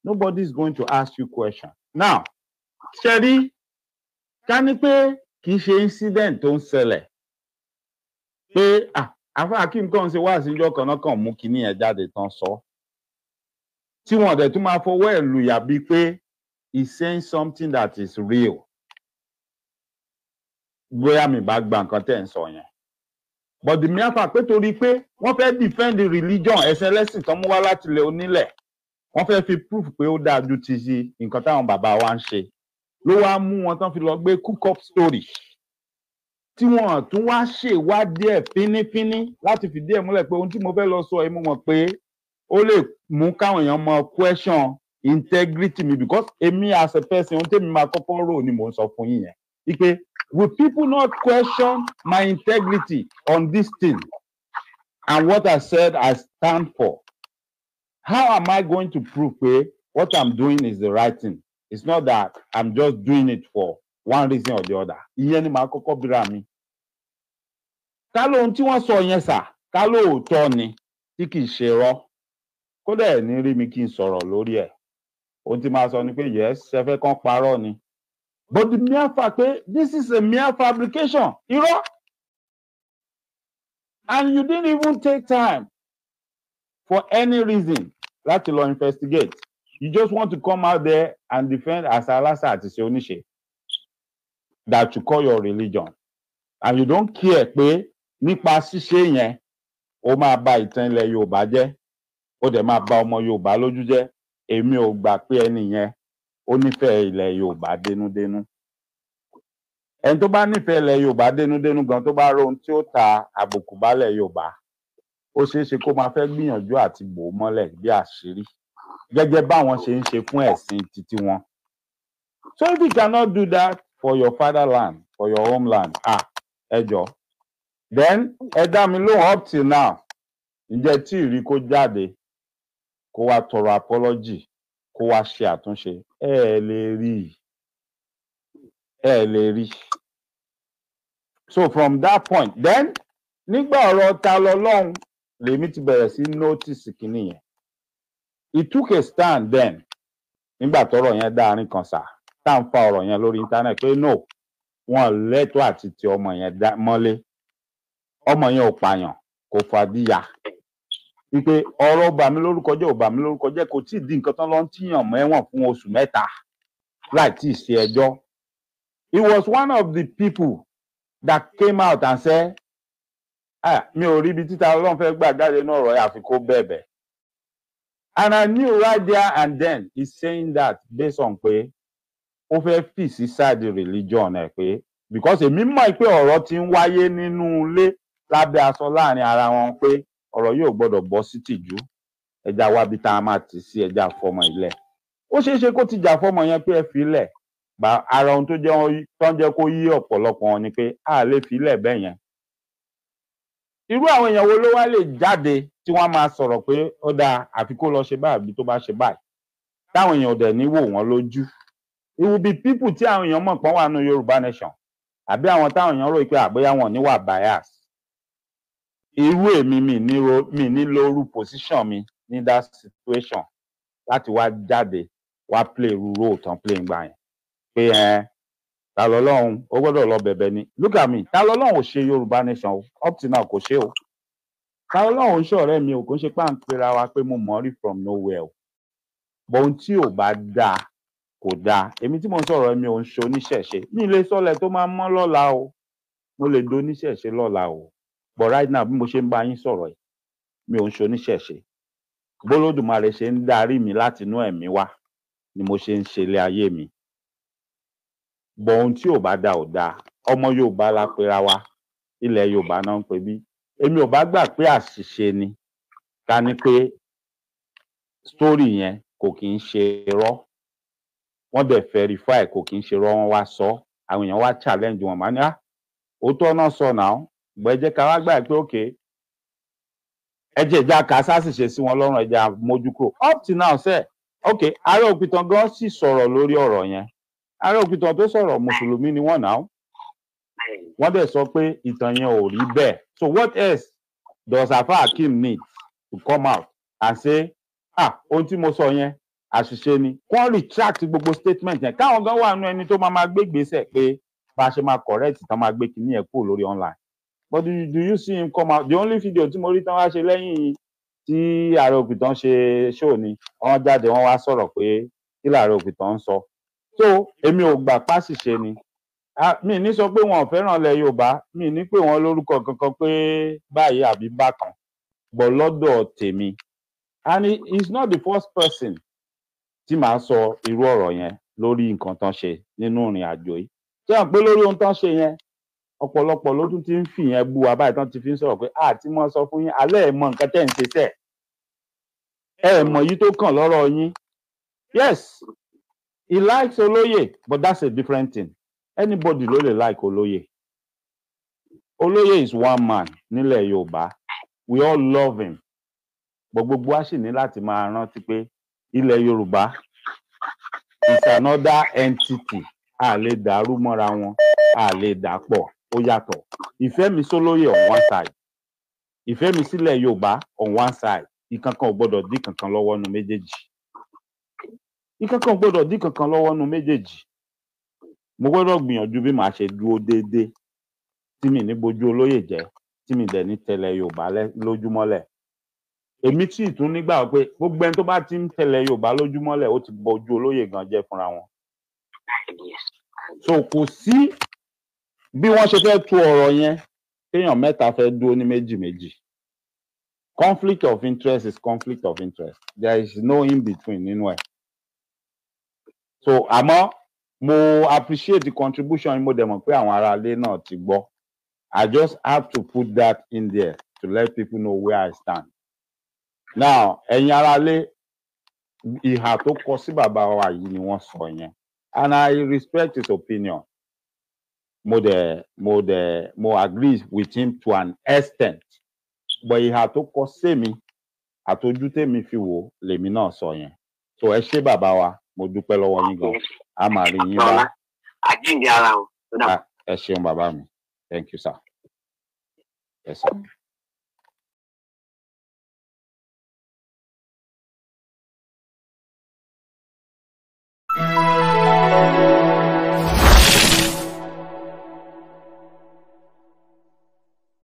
nobody is going to ask you question now ṣẹ́rí ká ní pé kì í ṣe incident tó ń ṣẹlẹ̀ pé àfa akim kan ṣe wá síjọ́ kan náà kàn mú kinní yẹn jáde tán sọ. So tí wọ́n dẹ̀ tún máa fọwọ́ ẹ̀ lùyà bíi pé he's saying something that is real bóyá mi bá gba nǹkan tẹ̀ ń sọ yẹn but the mere fact pé torí pé wọ́n fẹ́ defend the religion ẹ̀sìn ẹlẹ́sìn tán mú wá láti ilẹ̀ onílẹ̀ wọ́n fẹ́ fi proof pé ó dáa ju ti ṣe nǹkan táwọn bàbá wa ń ṣe ló wáá mú wọn tán fi lọ gbé cook up story tí wọn tún wá ṣèwádìí ẹ̀ fínífíní láti fìdí ẹ̀ múlẹ̀ pé ohun tí mo fẹ́ lọ sọ ẹ mú wọn pé ó lè mú káwọn èèyàn mọ question integrity mi because èmi as a person ohun tèmi máa kọ́kọ́ rò ni mo ń sọ fún yín yẹn wípé will people not question my integrity on this thing and what I said I stand for how am I going to prove pé what I'm doing is the right thing it's not that I'm just doing it for one reason or the other ìyẹn ni màá kọ́kọ́ bíra mi ká lóhun tí wọ́n sọ yẹn sà ká lóòótọ́ ni tí kì í ṣe rọ́ kódà ẹ̀ ní rí mi kí n sọ̀rọ̀ lórí ẹ̀ ohun tí máa sọ ni pé yẹ ṣe fẹ́ kán parọ́ ni but the mere fact pé this is a mere fabrication irọ́ and you didn't even take time for any reason láti lọ investigate you just want to come out there and defend asalasa àti ṣe oníṣe that you call your religion and you don't care pé nípa ṣíṣe yẹn o máa ba ìtàn ilẹ̀ Yorùbá jẹ́ ó dẹ̀ máa ba ọmọ yorùbá lójú jẹ́ èmi ò gbà pé ẹni yẹn ó nífẹ̀ẹ́ ilẹ̀ yorùbá dénúdénú ẹni tó bá nífẹ̀ẹ́ ilẹ̀ yorùbá dénúdénú gan tó bá rohun tí ó ta àbùkù bálẹ̀ yorùbá ó ṣeé ṣe kó máa fẹ́ gbìyànjú àti bò ó mọ́lẹ̀ bí àṣírí gẹ́gẹ́ báwọn ṣe ń ṣe fún ẹ̀sìn títí wọn so if you cannot do that for your fatherland for your homeland ah ẹ then ẹ dá mi lóhùn up till now ǹjẹ́ tí ìrí kó jáde kó wá tọrọ apology kó wá ṣe àtúnṣe ẹ ẹ lè rí ẹ ẹ lè rí so from that point then nígbà ọ̀rọ̀ ta lọ́lọ́run lèmi ti bẹ̀rẹ̀ sí notice kìíní yẹn it took a stand then nígbà tọ́rọ̀ yẹn dáárín kan sá tá à fa ọ̀rọ̀ yẹn lórí internet pé no wọn lẹ́tọ̀ọ́ àti ti ọmọ yẹn mọ́lé ọmọ yẹn ò pààyàn kò fàdíyà wípé ọ̀rọ̀ bà mí lórúkọ jẹ́ ò bà mí lórúkọ jẹ́ kò tí ì di nǹkan tán lọ ń tíyàn mọ́ fún oṣù mẹ́ta láì tí ì ṣe ẹjọ́ he was one of the people that came out and said ah mi ò rí ibi títa ọlọ́run fẹ́ gbà jáde náà ọ̀rọ̀ àfi kó bẹ̀bẹ̀ and I knew right there and then he's saying that based on pé ó fẹ́ fì sí side religion ẹ̀ pé because èmi mọ̀ pé ọ̀rọ̀ ti ń wáyé nínú ilé lábẹ́ aṣọ láàrin ara wọn pé ọ̀rọ̀ yóò gbọ́dọ̀ bọ́ sí tìjú ẹja wábi tá a máa tì sí ẹja fọmọ ilẹ̀ ó ṣeé ṣe kó ti jà fọmọ yẹn pé ẹ fi lẹ̀ gba ara ohun tó jẹ́ tó ń jẹ́ kó yí ọ̀pọ̀lọpọ̀ wọn ni pé a lè fi lẹ̀ bẹ́ẹ̀ yẹn irú àwọn èèyàn wo ló wá lè jáde tí wọ́n máa sọ̀rọ̀ pé ó dáa àfi kó lọ ṣe báàbí tó bá ṣe báyìí táwọn èèyàn dẹ̀ ní wò wọ́n lójú it will be people tí àwọn èèyàn mọ̀ pọ́n wà nù Yorùbá nation àbí àwọn táwọn èèyàn rò pé àbóyá wọn ní wà bias irú èmi mi ní ro mi ní lóru position mi ní that situation láti wá jáde wá play irú role tán play ń gbà yẹn pé ẹ ta lọ́lọ́run ó gbọ́dọ̀ lọ bẹ̀bẹ̀ ni look at me ta lọ́lọ́run ò ṣe Yorùbá nation up till now kò ṣe o ta lọ́lọ́run ń ṣọ̀rẹ́ mi ò kò ń ṣe páńpẹ́ra wa pé mo mọ̀ rí from nowhere o bọ̀ ohun tí ò bá dáa kò dáa èmi tí mo ń sọ̀rọ̀ mi ò ń ṣe oníṣẹ̀ṣe mi lè sọlẹ̀ tó máa mọ́ lọ́la o mo lè do oníṣẹ̀ṣe lọ́la o but right now bí mo ṣe ń bá yín sọ̀rọ̀ ẹ̀ mi ò ń ṣoníṣẹ̀ṣe bólódùmarè ṣe ń darí mi látinú ẹ̀mí wá ni mo ṣe ń ṣe ayé mi bọ̀ ohun tí ò bá dá ò dá ọmọ Yorùbá la pera wa ilẹ̀ Yorùbá náà ń bí èmi ò bá gbà pé ni pé kò kì í ṣe wọ́n dẹ̀ kò kì í ṣe wọ́n wá sọ àwọn èèyàn wá challenge wọn màá ní ah, sọ náà ṣùgbọ́n ẹ jẹ́ ká wá gbà pé òkè ẹ jẹ́ ìjà kàṣà sì ṣe sí wọn lọ́rùn ẹ̀jẹ̀ àmójúkúrò up till now sẹ́ ok ààrẹ òpìtàn gan sì sọ̀rọ̀ lórí ọ̀rọ̀ yẹn ààrẹ òpìtàn tó sọ̀rọ̀ mùsùlùmí ni wọ́n náà wọ́n dẹ̀ sọ pé ìtàn yẹn ò rí bẹ́ẹ̀ so what else does afa akim need to come out and say ah ohun tí mo sọ yẹn àṣìṣe ni wọ́n retract gbogbo statement yẹn káwọn gan wà nú ẹni tó máa máa gbé gbèsè pé bá a ṣe máa correct tán máa gbé kinní yẹn kúrò lórí online but do you, do you see him come out the only video tí mo rí tán wá ṣe lẹ́yìn tí ààrẹ òpìtàn ṣe show ni wọ́n jáde wọ́n wá sọ̀rọ̀ pé kí làárẹ̀ òpìtàn ń sọ so èmi ò gbà pásìṣe ni mi ní sọ pé wọn ò fẹ́ràn ilẹ̀ yorùbá mi ní pé wọn lórúkọ kankan pé báyìí àbí bákan but lọ́dọ̀ tèmi and he is not the first person tí màá sọ irú ọ̀rọ̀ yẹn lórí nǹkan tán ṣe nínú ìrìn àjò yìí tí wọn pé lórí ohun tán ṣe yẹn ọ̀pọ̀lọpọ̀ ló tún ti ń fìyẹn bú wa tán ti fi ń sọ̀rọ̀ pé àti mọ́ sọ fún yín alẹ́ ẹ̀ mọ nǹkan tẹ́ ń ṣe tẹ̀ ẹ̀ mọ̀ yìí tó kàn lọ́rọ̀ yín yes he likes olóyè but that's a different thing anybody ló lè like olóyè olóyè is one man nílẹ̀ yorùbá we all love him but gbogbo wa sì ní láti máa rántí pé ilẹ̀ yorùbá is another entity a lè dàrú mọ́ra wọn a lè dà pọ̀ ó yàtọ̀ ìfẹ́ mi sólóyè on one side ìfẹ́ mi sílẹ̀ Yorùbá on one side ìkankan ò gbọ́dọ̀ dí kankan lọ́wọ́ nu méjèèjì ìkankan ò gbọ́dọ̀ dí kankan lọ́wọ́ nu méjèèjì mo gbọ́dọ̀ gbìyànjú bí màá ṣe dúró déédéé tí mi ní bojú olóyè jẹ́ tí mi dẹ̀ ní tẹ̀lé Yorùbá lójúmọ́lẹ̀ èmi tí ìtún nígbà pé gbogbo ẹni tó bá ti ń tẹ̀lé Yorùbá lójúmọ́lẹ̀ ó ti bojú olóyè gan jẹ́ fúnra wọn so kò sí bí wọ́n ṣe fẹ́ tú ọ̀rọ̀ yẹn téèyàn mẹ́ta fẹ́ dúró ní méjì méjì conflict of interest is conflict of interest there is no in between nínú ẹ̀ so àmọ́ mo appreciate the contribution mo dẹ̀ mọ̀ pé àwọn aráalé náà ti gbọ́ I just have to put that in there to let people know where I stand now ẹ̀yin aráalé ìhà tó kọ sí bàbá wa yìí ni wọ́n sọ yẹn and I respect his opinion mo dẹ̀ mo dẹ̀ mo agrees with him to an extent but he had to ìhà tó kọ sẹ́mi àtọ́jú me fi wò lèmi náà sọ yẹn so ẹ ṣé bàbá wa mo dupe lọ́wọ́ yín gan a máa rí yín wá. àjíǹde ara o. ẹ ṣeun baba mi thank you sir. Yes, sir. Mm.